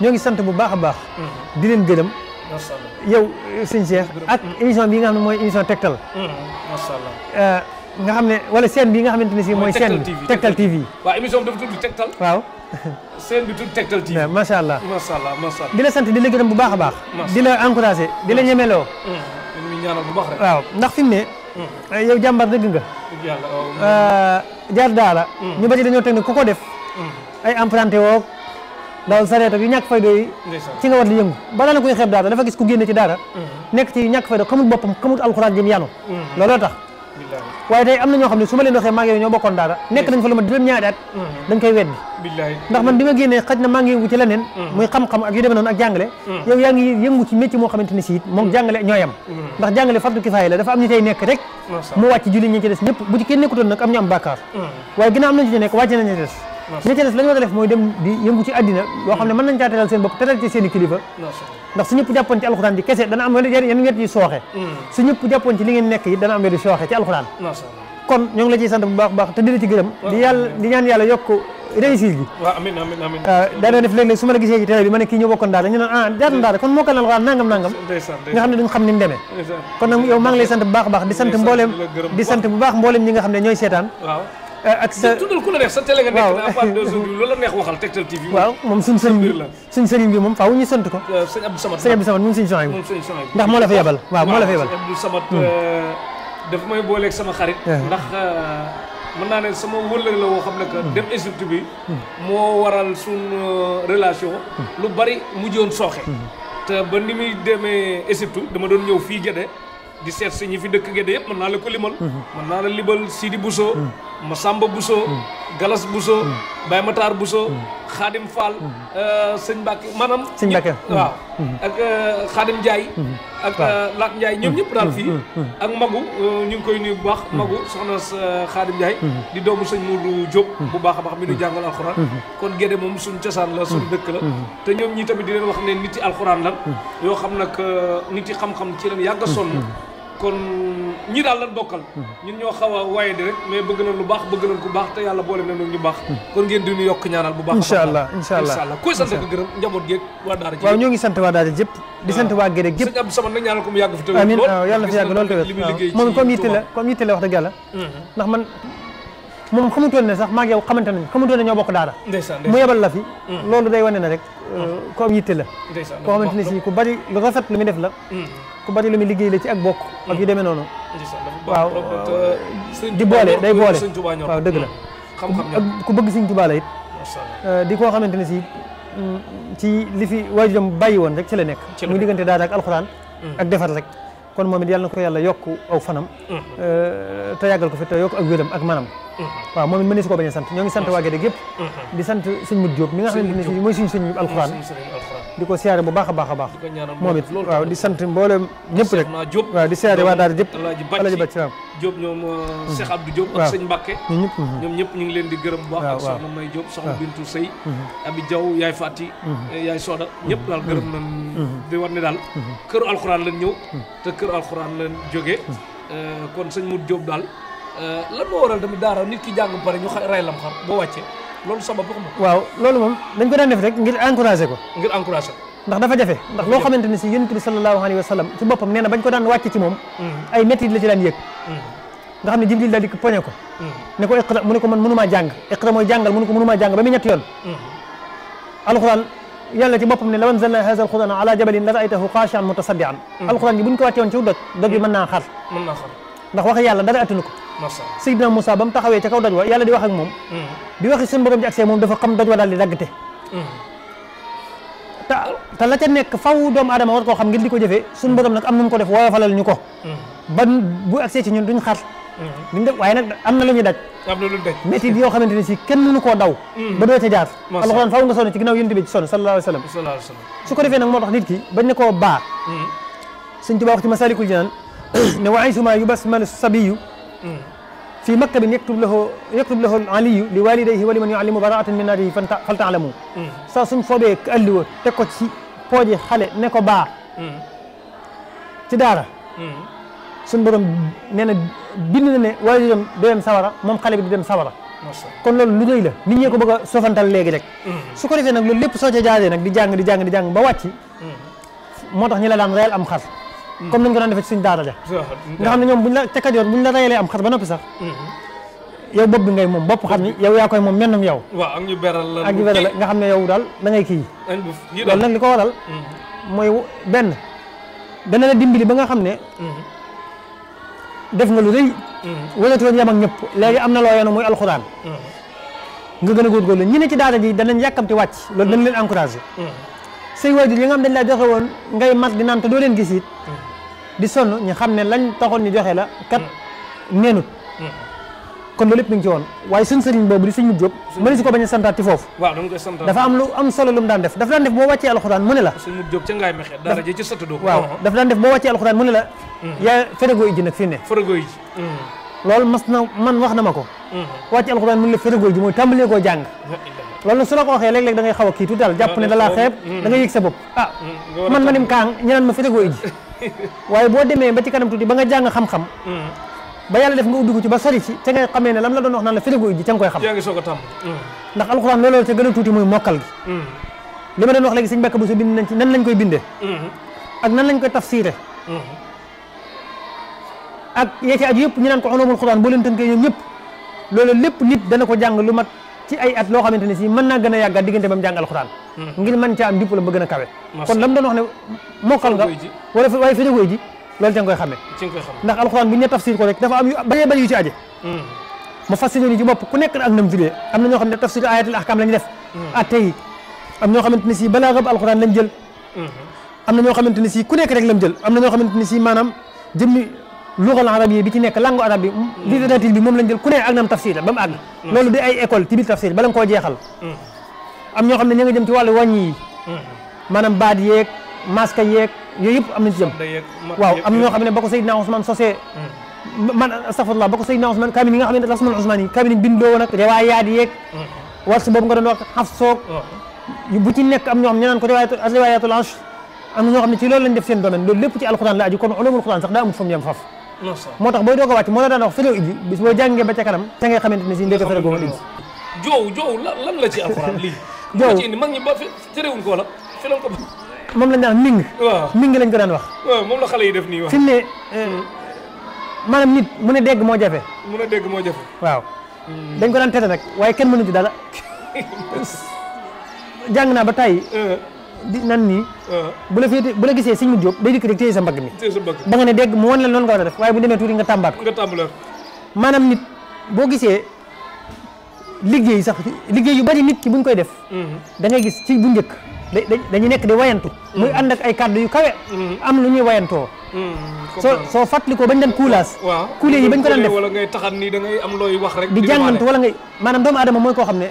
ñoo ngi sant bu baax a baax. Mm-hmm. di leen gërëm. macha allah yow eh, sëñ Cheikh ak mm-hmm. émission bi nga xam ne mooy émission Tektal. Mm-hmm. macha allah. Eh, nga xam ne wala seen bi nga xamante ne si mooy. scène bi Tektal TV waaw émission bi dafa tudd Tektal. waaw. scène bi tudd Tektal macha allah macha allah macha allah. di la sant di la gërëm bu baax a baax. di la encouragé di la ñemeloo. ndax fi Eh, yow jàmbar dëgg nga. Eh, jaar daala. Mm. ñu bari dañoo teg ne ku ko def. Mm. ay emprunté woog dawal sareet ak yu ñàkk fayda yi ci nga war di yëngu balaa na koy xeeb daara dafa gis ku génne ci daara. Mm. nekk ci ñakk fayda xamul boppam xamul alxuraan jëm yanu. looloo waaye tey am na ñoo xam ne su ma leen waxee maa ngi ñoo bokkoon daara nekk nañ fa lu ma juróom ñaari at mm-hmm. dañ koy weddi ndax man bi ma génnee xaj na maa ngi yëngu ci leneen mm-hmm. muy xam-xam ak yu demee noonu ak jàngale mm-hmm. yow yaa ngi yëngu ci métier moo xamante ne si it moom jàngale ñooyam ndax jàngale fardu la dafa am ñu tey nekk rek mu wàcc julli ñi ci ñëpp bu ci kenn nekkutoon nag am ñu am bàkkaar waaye ginnaaw am nañu ci nekk wàcc nañu des ña ca des la ñu a def mooy dem di yëngu ci àddina yoo xam ne hmm. mën nañ caa seen bopp teral ci seen i kilifa ndax su ñëpp jàppoon ci alxuraan ji kese dana am yenn wet hmm. sooxe ci alxuraan kon ñoo ngi la ñoo bokkoon ah jaar na kon mokkal na alxuraan nangam nangam nga xam ne duñ xam ni mu kon nag yow maa ngi sant bu baax baax di sant mbooleem ñi nga xam ne ñooy seetaan Euh, ak sa tuddal ku la neex sa télé nga nekk à part deux heures loolu la neex waxal Tektal TV waaw moom suñu sëriñ bi suñu sëriñ bi moom faaw ñu sant ko euh, sëñ Abdou Samad sëñ Abdou Samad moom suñu soxna bi ndax moo la fa yebal waaw moo la fa yebal sëñ Abdou Samad hmm. euh, dafa may booleeg sama xarit ndax mën naa ne sama wëllëg la woo xam ne que hmm. dem Égypte bi hmm. moo waral suñu relation lu bari mujjoon sooxe te ba ni muy demee Égypte dama doon ñëw fii Gédé di seet si ñi fi dëkk Gédé yëpp mën naa la ko limal mën naa la libal Sidi Bousso Masamba soo hmm. Galas Bousso hmm. Baye Matar Bousso hmm. Khadim Fall euh, sëñ Mbacke maanaam sëñ Mbacke waaw ak euh, Khadim Ndiaye ak euh, Lat Ndiaye ñoom ñëpp daal fii ak Magu ñu ngi koy nuyu bu baax Magu soxna Khadim Ndiaye di doomu sëñ Mourou Diop bu baax a baax mi nu jàngal alxuraan kon Guédé moom suñ cosaan la suñ dëkk la te ñoom ñii tamit di leen wax ne nit yi alxuraan la yoo xam nag nit yi xam-xam ci leen yàgg sol sonn kon ñi daal lan bokkal hmm. ñun ñoo xaw a waaye di rek mais bëgg nañ lu baax bëgg nañ ku baax te yàlla boole na nag ñu baax hmm. kon ngeen di ñaanal bu baax incha allah incha allah koy sant ko gërëm njaboot geeg waa daara waaw di sant waa Géré ah. gépp sëñ Abdou ñaanal ko mu yàgg fi tawé amiin ah, yàlla na fi yàgg lool tawé ah. moom comme yitte la comme yitte la wax dëgg yàlla hmm. ndax man moom xamutoon ne sax maag yow xamante nañ xamutoon ne ñoo bokk daara mu yebal la fi mm. loolu day wane ne rek mm. euh, ku am yitte la koo xamante ne si ku bari lu rafet lu muy def la mm. ku bari lu muy liggéey la ci ak bokk ak yu demee noonu waaw di boole day boole waaw dëgg la ku bëgg Sëñ Tuubaa la it euh, di koo xamante ne si ci li fi waajuram bàyyi woon rek ci la nekk muy diggante daara ak alxuraan ak defar rek kon moom it yàlla na ko yàlla yokk aw fanam mm-hmm. te yàggal ko fi te yokk ak wéram ak manam mm-hmm. waaw moom it mënees koo bañ a sant ñoo ngi sant waa Gédé gépp mm-hmm. di sant sëñ Mut Jóob mi nga xam ne mooy suñu sëñ alxuraan di ko siyaare bu baax a baax a baax moom it waaw di sant mboolem ñëpp rek waaw di siyaare waa daara jëpp alaaji bàcc naam Diop ñoom Cheikh mm-hmm. Abdou Diop ak sëñ Mbacke mm-hmm. ñoom ñëpp ñu ngi leen di gërëm bu baax ak soxna May Diop soxna Bintu Sey mm-hmm. Abi jaw yaay Fati eh, yaay Soda ñëpp daal gërëm nañ di war ne daal këru alxuraan lañ ñëw te eh, kon sëñ Mout Diop daal eh, lan moo waral tamit daara nit ki jàng pare ñu ray lam boo wàccee loolu sabab xam nga. waaw loolu moom dañ ko daan def rek ngir encouragé ko. ngir encouragé ko. ndax dafa jafe ndax loo xamante ni si yonent bi sallallahu alayhi wa sallam ci daan wàcc ci moom mm-hmm. ay métti la ci daan yëg mm-hmm. nga xam ne jibril daal di mm-hmm. ne ko iqra mu ne ko man mënumaa jàng iqra mooy jàngal mu ne ko ba muy ñetti yoon alquran yàlla ci boppam ne law anzalna haza alquran ala jabalin la raaytahu xaashian mutasaddian alquran ji buñ ko wàcce woon ci Seydina Moussa taxawee ca kaw doj wa yàlla di wax ak moom hmm. bi waxi suñu borom ji accès moom dafa xam doj wa daal di daggte hmm. te te la ca nekk faw doomu aadama war koo xam ngir di ko jëfee suñu borom nag am na ko def wooyo falal ñu ko hmm. ban bu accès ci ñun duñ xaar na lu ñuy daj am na lu daj métti si kenn mënu koo daw ba doo ca jaar alxuraan faw nga sonn ci ginnaaw yénti ci sonn sallallahu alayhi su ko defee nag moo tax nit ki bañ ne koo baa Sëñ Tuubaa wax [clears throat] sabiyu في مكتب يكتب له يكتب له العلي لوالديه ولمن يعلم براءة من ناره فلتعلموا saa suñ fobee alliwa te ko ci pooji xale ne ko baa hmm. ci daara hmm. suñ borom nee na bind na ne waajuram du dem sawara moom xale bi du dem sawara kon loolu lu rëy la nit ñee ko bëgg a sofantal léegi rek hmm. su ko defee nag loolu lépp soo ca jaaree nag di jàng di jàng di jàng ba wàcc moo tax ñu la daan am xar Mm-hmm. comme nañ ko a defee ci suñ daara ja nga xam ne ñoom buñ la tekkat yoon buñ la rayalee am xar ba noppi sax mm-hmm. yow bopp bi ngay moom bopp xam ni yow yaa koy moom mennum yow waaw ak ñu beral la nga xam ne yow daal da ngay kii loolu nag li ko waral mm-hmm. mooy benn dana la dimbali ba nga xam ne def nga lu rëy wala turoon yam ak ñëpp léegi am na loo yoon muy alxuraan nga gën a góorgóorlu ñi ne ci daara ji danañ yàkkamti wàcc loolu dañ leen encouragé say waajur yi nga xam dañ laa joxe woon ngay mat di naan te doo leen gis di sonn ñu xam ne lañ taxoon ñu joxe la kat neenut kon loolu lépp mi ngi ci woon waaye suñ sëriñ boobu di suñ mujj jóg mëni si ko bañ a santaat ci foofu waaw dama koy santaat dafa am lu am solo lu mu daan def dafa daan def boo wàccee alxuraan mu ne la suñ mujj jóg ca ngaay mexe dara ji ci sëttu waaw uh-huh. dafa daan def boo wàccee alxuraan mu ne uh-huh. nag fii ne loolu mas na man wax na ma ko uh-huh. wàccee alxuraan mu ne la ferego iji mooy tàmbalee koo jàng loolu nag su la ko waxee léeg-léeg a kii tuuti daal jàpp ne da laa xeeb mm-hmm. da ngay yëg sa bopp ah, ah mm-hmm. man ma nim kaang ñenaan ma fete goo [laughs] waaye boo demee ba ci kanam tuuti ba nga jàng xam-xam mm-hmm. ba yàlla def nga uddugu ci ba sori ci te nga xamee ne lam la doon wax naan la fete goo iji ca nga koy xam ndax alxuraan looloo ca gën a tuuti muy mokkal wax léegi sëñ Mbàkke Buso bind nañ ci nan lañ koy bindee ak nan lañ koy tafsiire ak yee ci aju yëpp ñu naan ko ulumul xuraan boo leen tënkee ñoom ñëpp loolu lépp ko jàng lu mat ci ay at loo xamante ne si mën naa gën a yàggaat diggante ba mu jàng alxuraan hmm. ngir mën caa am diplôme ba gën a kawe kon lam doon wax ne mokkal nga wala waaye firigoy ji loolu ca nga koy xamee ndax alxuraan bu ñu tafsir ko rek dafa am yu bëree yu ci aje hmm. mu fassiré ni ci bopp ku nekk ak nam firee am na ñoo xam ne tafsir ayatul ahkam hmm. ne si balaa rab alxuraan lañ na ñoo xamante ne si ku nekk rek lam jël am na ñoo xamante ne si maanaam jëmmi luxal arabiyya bi ci nekk langue arab bi mm. littérature bi moom lañ jël ku ne ak nam tafsir ba mu àgg mm. Mm. loolu di ay école ci tafsir bala nga jeexal am ñoo ne ña nga jëm ci wàllu wàññi yi maanaam baat yeeg masque yeeg am nañ ci jëm am ne ba ko Seydina Ousmane sosé man astafurlah ba ko Seydina Ousmane kaamil yi nga xam ne rasmul Ousmane yi kaamil yi bindoo woon ak riwaayaat yeeg warsu boobu nga doon wax xaf soog oh. bu ci nekk am ñoo xam ko riwaayatul ansh am na ñoo xam ne ci loolu lañ def seen domaine loolu lépp ci alquran la aju kon ulumul quran sax daa amul fu mu moo tax booy doog a wàcc moo la daan wax firaw ijji bis boo jàngee ba ca kanam te nga xamante ni si ndéka firaw googu ijji joow joow lan la ci alxuraan lii [laughs] joow ci indi mag ñi ba terewuñ ko wala lañ ko moom lañ daan ming lañ ko daan wax moom la xale yi def ne euh, maanaam nit mu ne dégg moo jafe mu ne dégg moo jafe waaw hmm. dañ ko daan tete nag waaye kenn mënu ci dara [laughs] jàng naa ba tey di nan nii uh-huh. bu la féete bu la gisee sëñ mu jóg day dikk rek sa mbagg mi ba nga ne dégg mu wan la noonu nga war a def waaye bu demee tuuti nga tàmbaat ko maanaam nit boo gisee liggéey sax liggéey yu bari nit ki buñ koy def mm-hmm. da gis ci bu njëkk dañu nekk di wayantu mm-hmm. muy ànd ak ay kàddu yu kawe mm-hmm. am lu ñuy wayantoo soo soo fàttali ko bañ daan kuulaas kuule yi bañ ko daan def wala ngay taxan ni da ngay am looy wax rek di jàngantu wala ngay maanaam doomu aadama mooy koo xam ne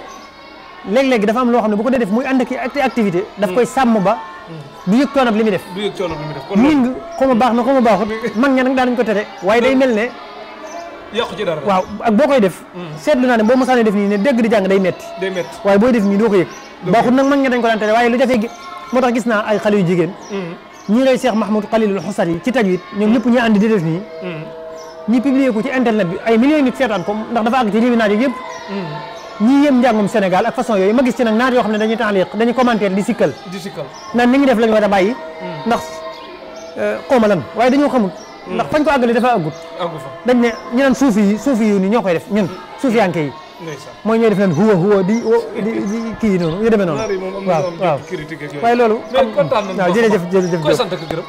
léeg-léegi dafa am loo xam ne bu ko def muy ànd ak activité daf koy sàmm ba du yëg coonam li def du yëg coonam li muy def ñi ma baax na xaw ma baaxut mag ña nag daanañ ko tere waaye day mel ne yàqu ci dara waaw ak boo koy def hmm. seet naa ne boo mosaane def nii ne dégg di jàng day metti day metti waaye booy def nii doo ko yëg baaxut nag mag ña dañ ko daan tere waaye lu jafee moo tax gis naa ay xale yu jigéen hmm. ñii lay Cheikh Mahmoud Khalilul Xusar yi ci tajwid ñoom ñëpp ñu ànd di def nii hmm. ñi publier ko ci internet bi ay millions nit seetaan ko ndax dafa àgg ci tribunal yëpp ñii yëm njàngum senegal ak façon yooyu ma gis ci nag naat yoo xam ne dañuy taaliq dañuy commentaire di sikkal di ni ñu def la ñu war a bàyyi hmm. ndax euh, xaw ma lan waaye dañoo xamul hmm. ndax fañ ko àggale dafa àggut àggu fa dañ ne ñu naan suufi yi suufi yi ñoo koy def ñun hmm. suufiyanke yi mooy ñooy def leen huwa huwa di di kii yi noonu yu demee noonu waaw waaw waaye loolu waaw jërëjëf jërëjëf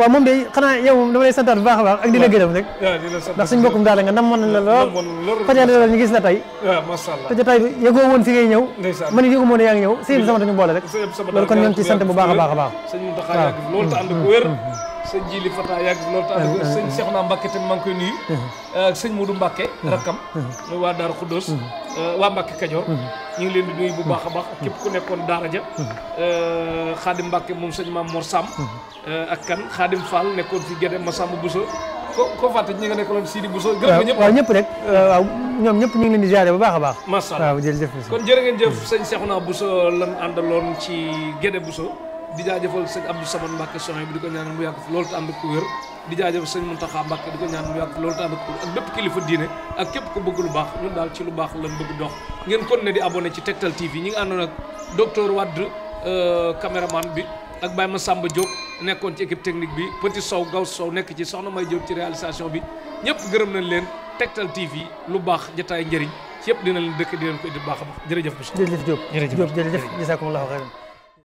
waaw moom day xanaa yow moom dama lay santaat bu baax a baax ak di la gërëm rek ndax suñ mbokkum daal nga namoon nañ la lool fajar la ñu gis la tey te jotaay bi yëgoo woon fi ñëw man it yëgoo yaa ngi ñëw sëñ bi sama dañu boole rek loolu kon ñoom ci sant bu baax a baax a baax waaw sëñ Jili Fata yàgg si loolu taal ah, ko ah, sëñ Seexuna ah. Mbàkke tamit maa ngi koy nuyu ak sëñ Modou Mbàkke rakkam waa Daaru Xuddoos mm-hmm. euh, waa Mbàkke Kajoor mm-hmm. ñu ngi leen di nuyu bu baax a baax mm-hmm. ku nekkoon daara ja Xaadim euh, Mbàkke moom sëñ Maam Mor Sam euh, ak kan Xaadim Fall nekkoon fi Gede Masamba Bousso ko ko fàtte ñi nga nekkaloon Sidi Bousso gërëm ñëpp waaw ñëpp rek waaw ñoom ñëpp ñu ngi a baax macha allah waaw jërëjëf kon jërë ngeen jëf sëñ Seexuna Bousso lan àndaloon ci Gede Bousso di jaajëfal sëñ Abdou Samane Mbacke soxna bi di ko ñaanal mu yàgg fi loolu te ànd ak ku wér di jaajëfal sëñ Mountakha Mbacke di ko ñaanal mu yàgg fi loolu te ànd ak ku ak bépp kilifa diine ak képp ku bëgg lu baax ñun daal ci lu baax lañ bëgg dox ngeen kon ne di abonné ci Tektal TV ñi ngi àndoon ak docteur Wade euh, caméraman bi ak Baye Massamba Diop nekkoon ci équipe technique bi Petit Sow Gaw Sow nekk ci soxna May Diop ci réalisation bi ñëpp gërëm na leen Tektal TV lu baax jotaay njëriñ ci yëpp dina leen dëkk di leen ko indi baax a baax jërëjëf monsieur jërëjëf Diop jërëjëf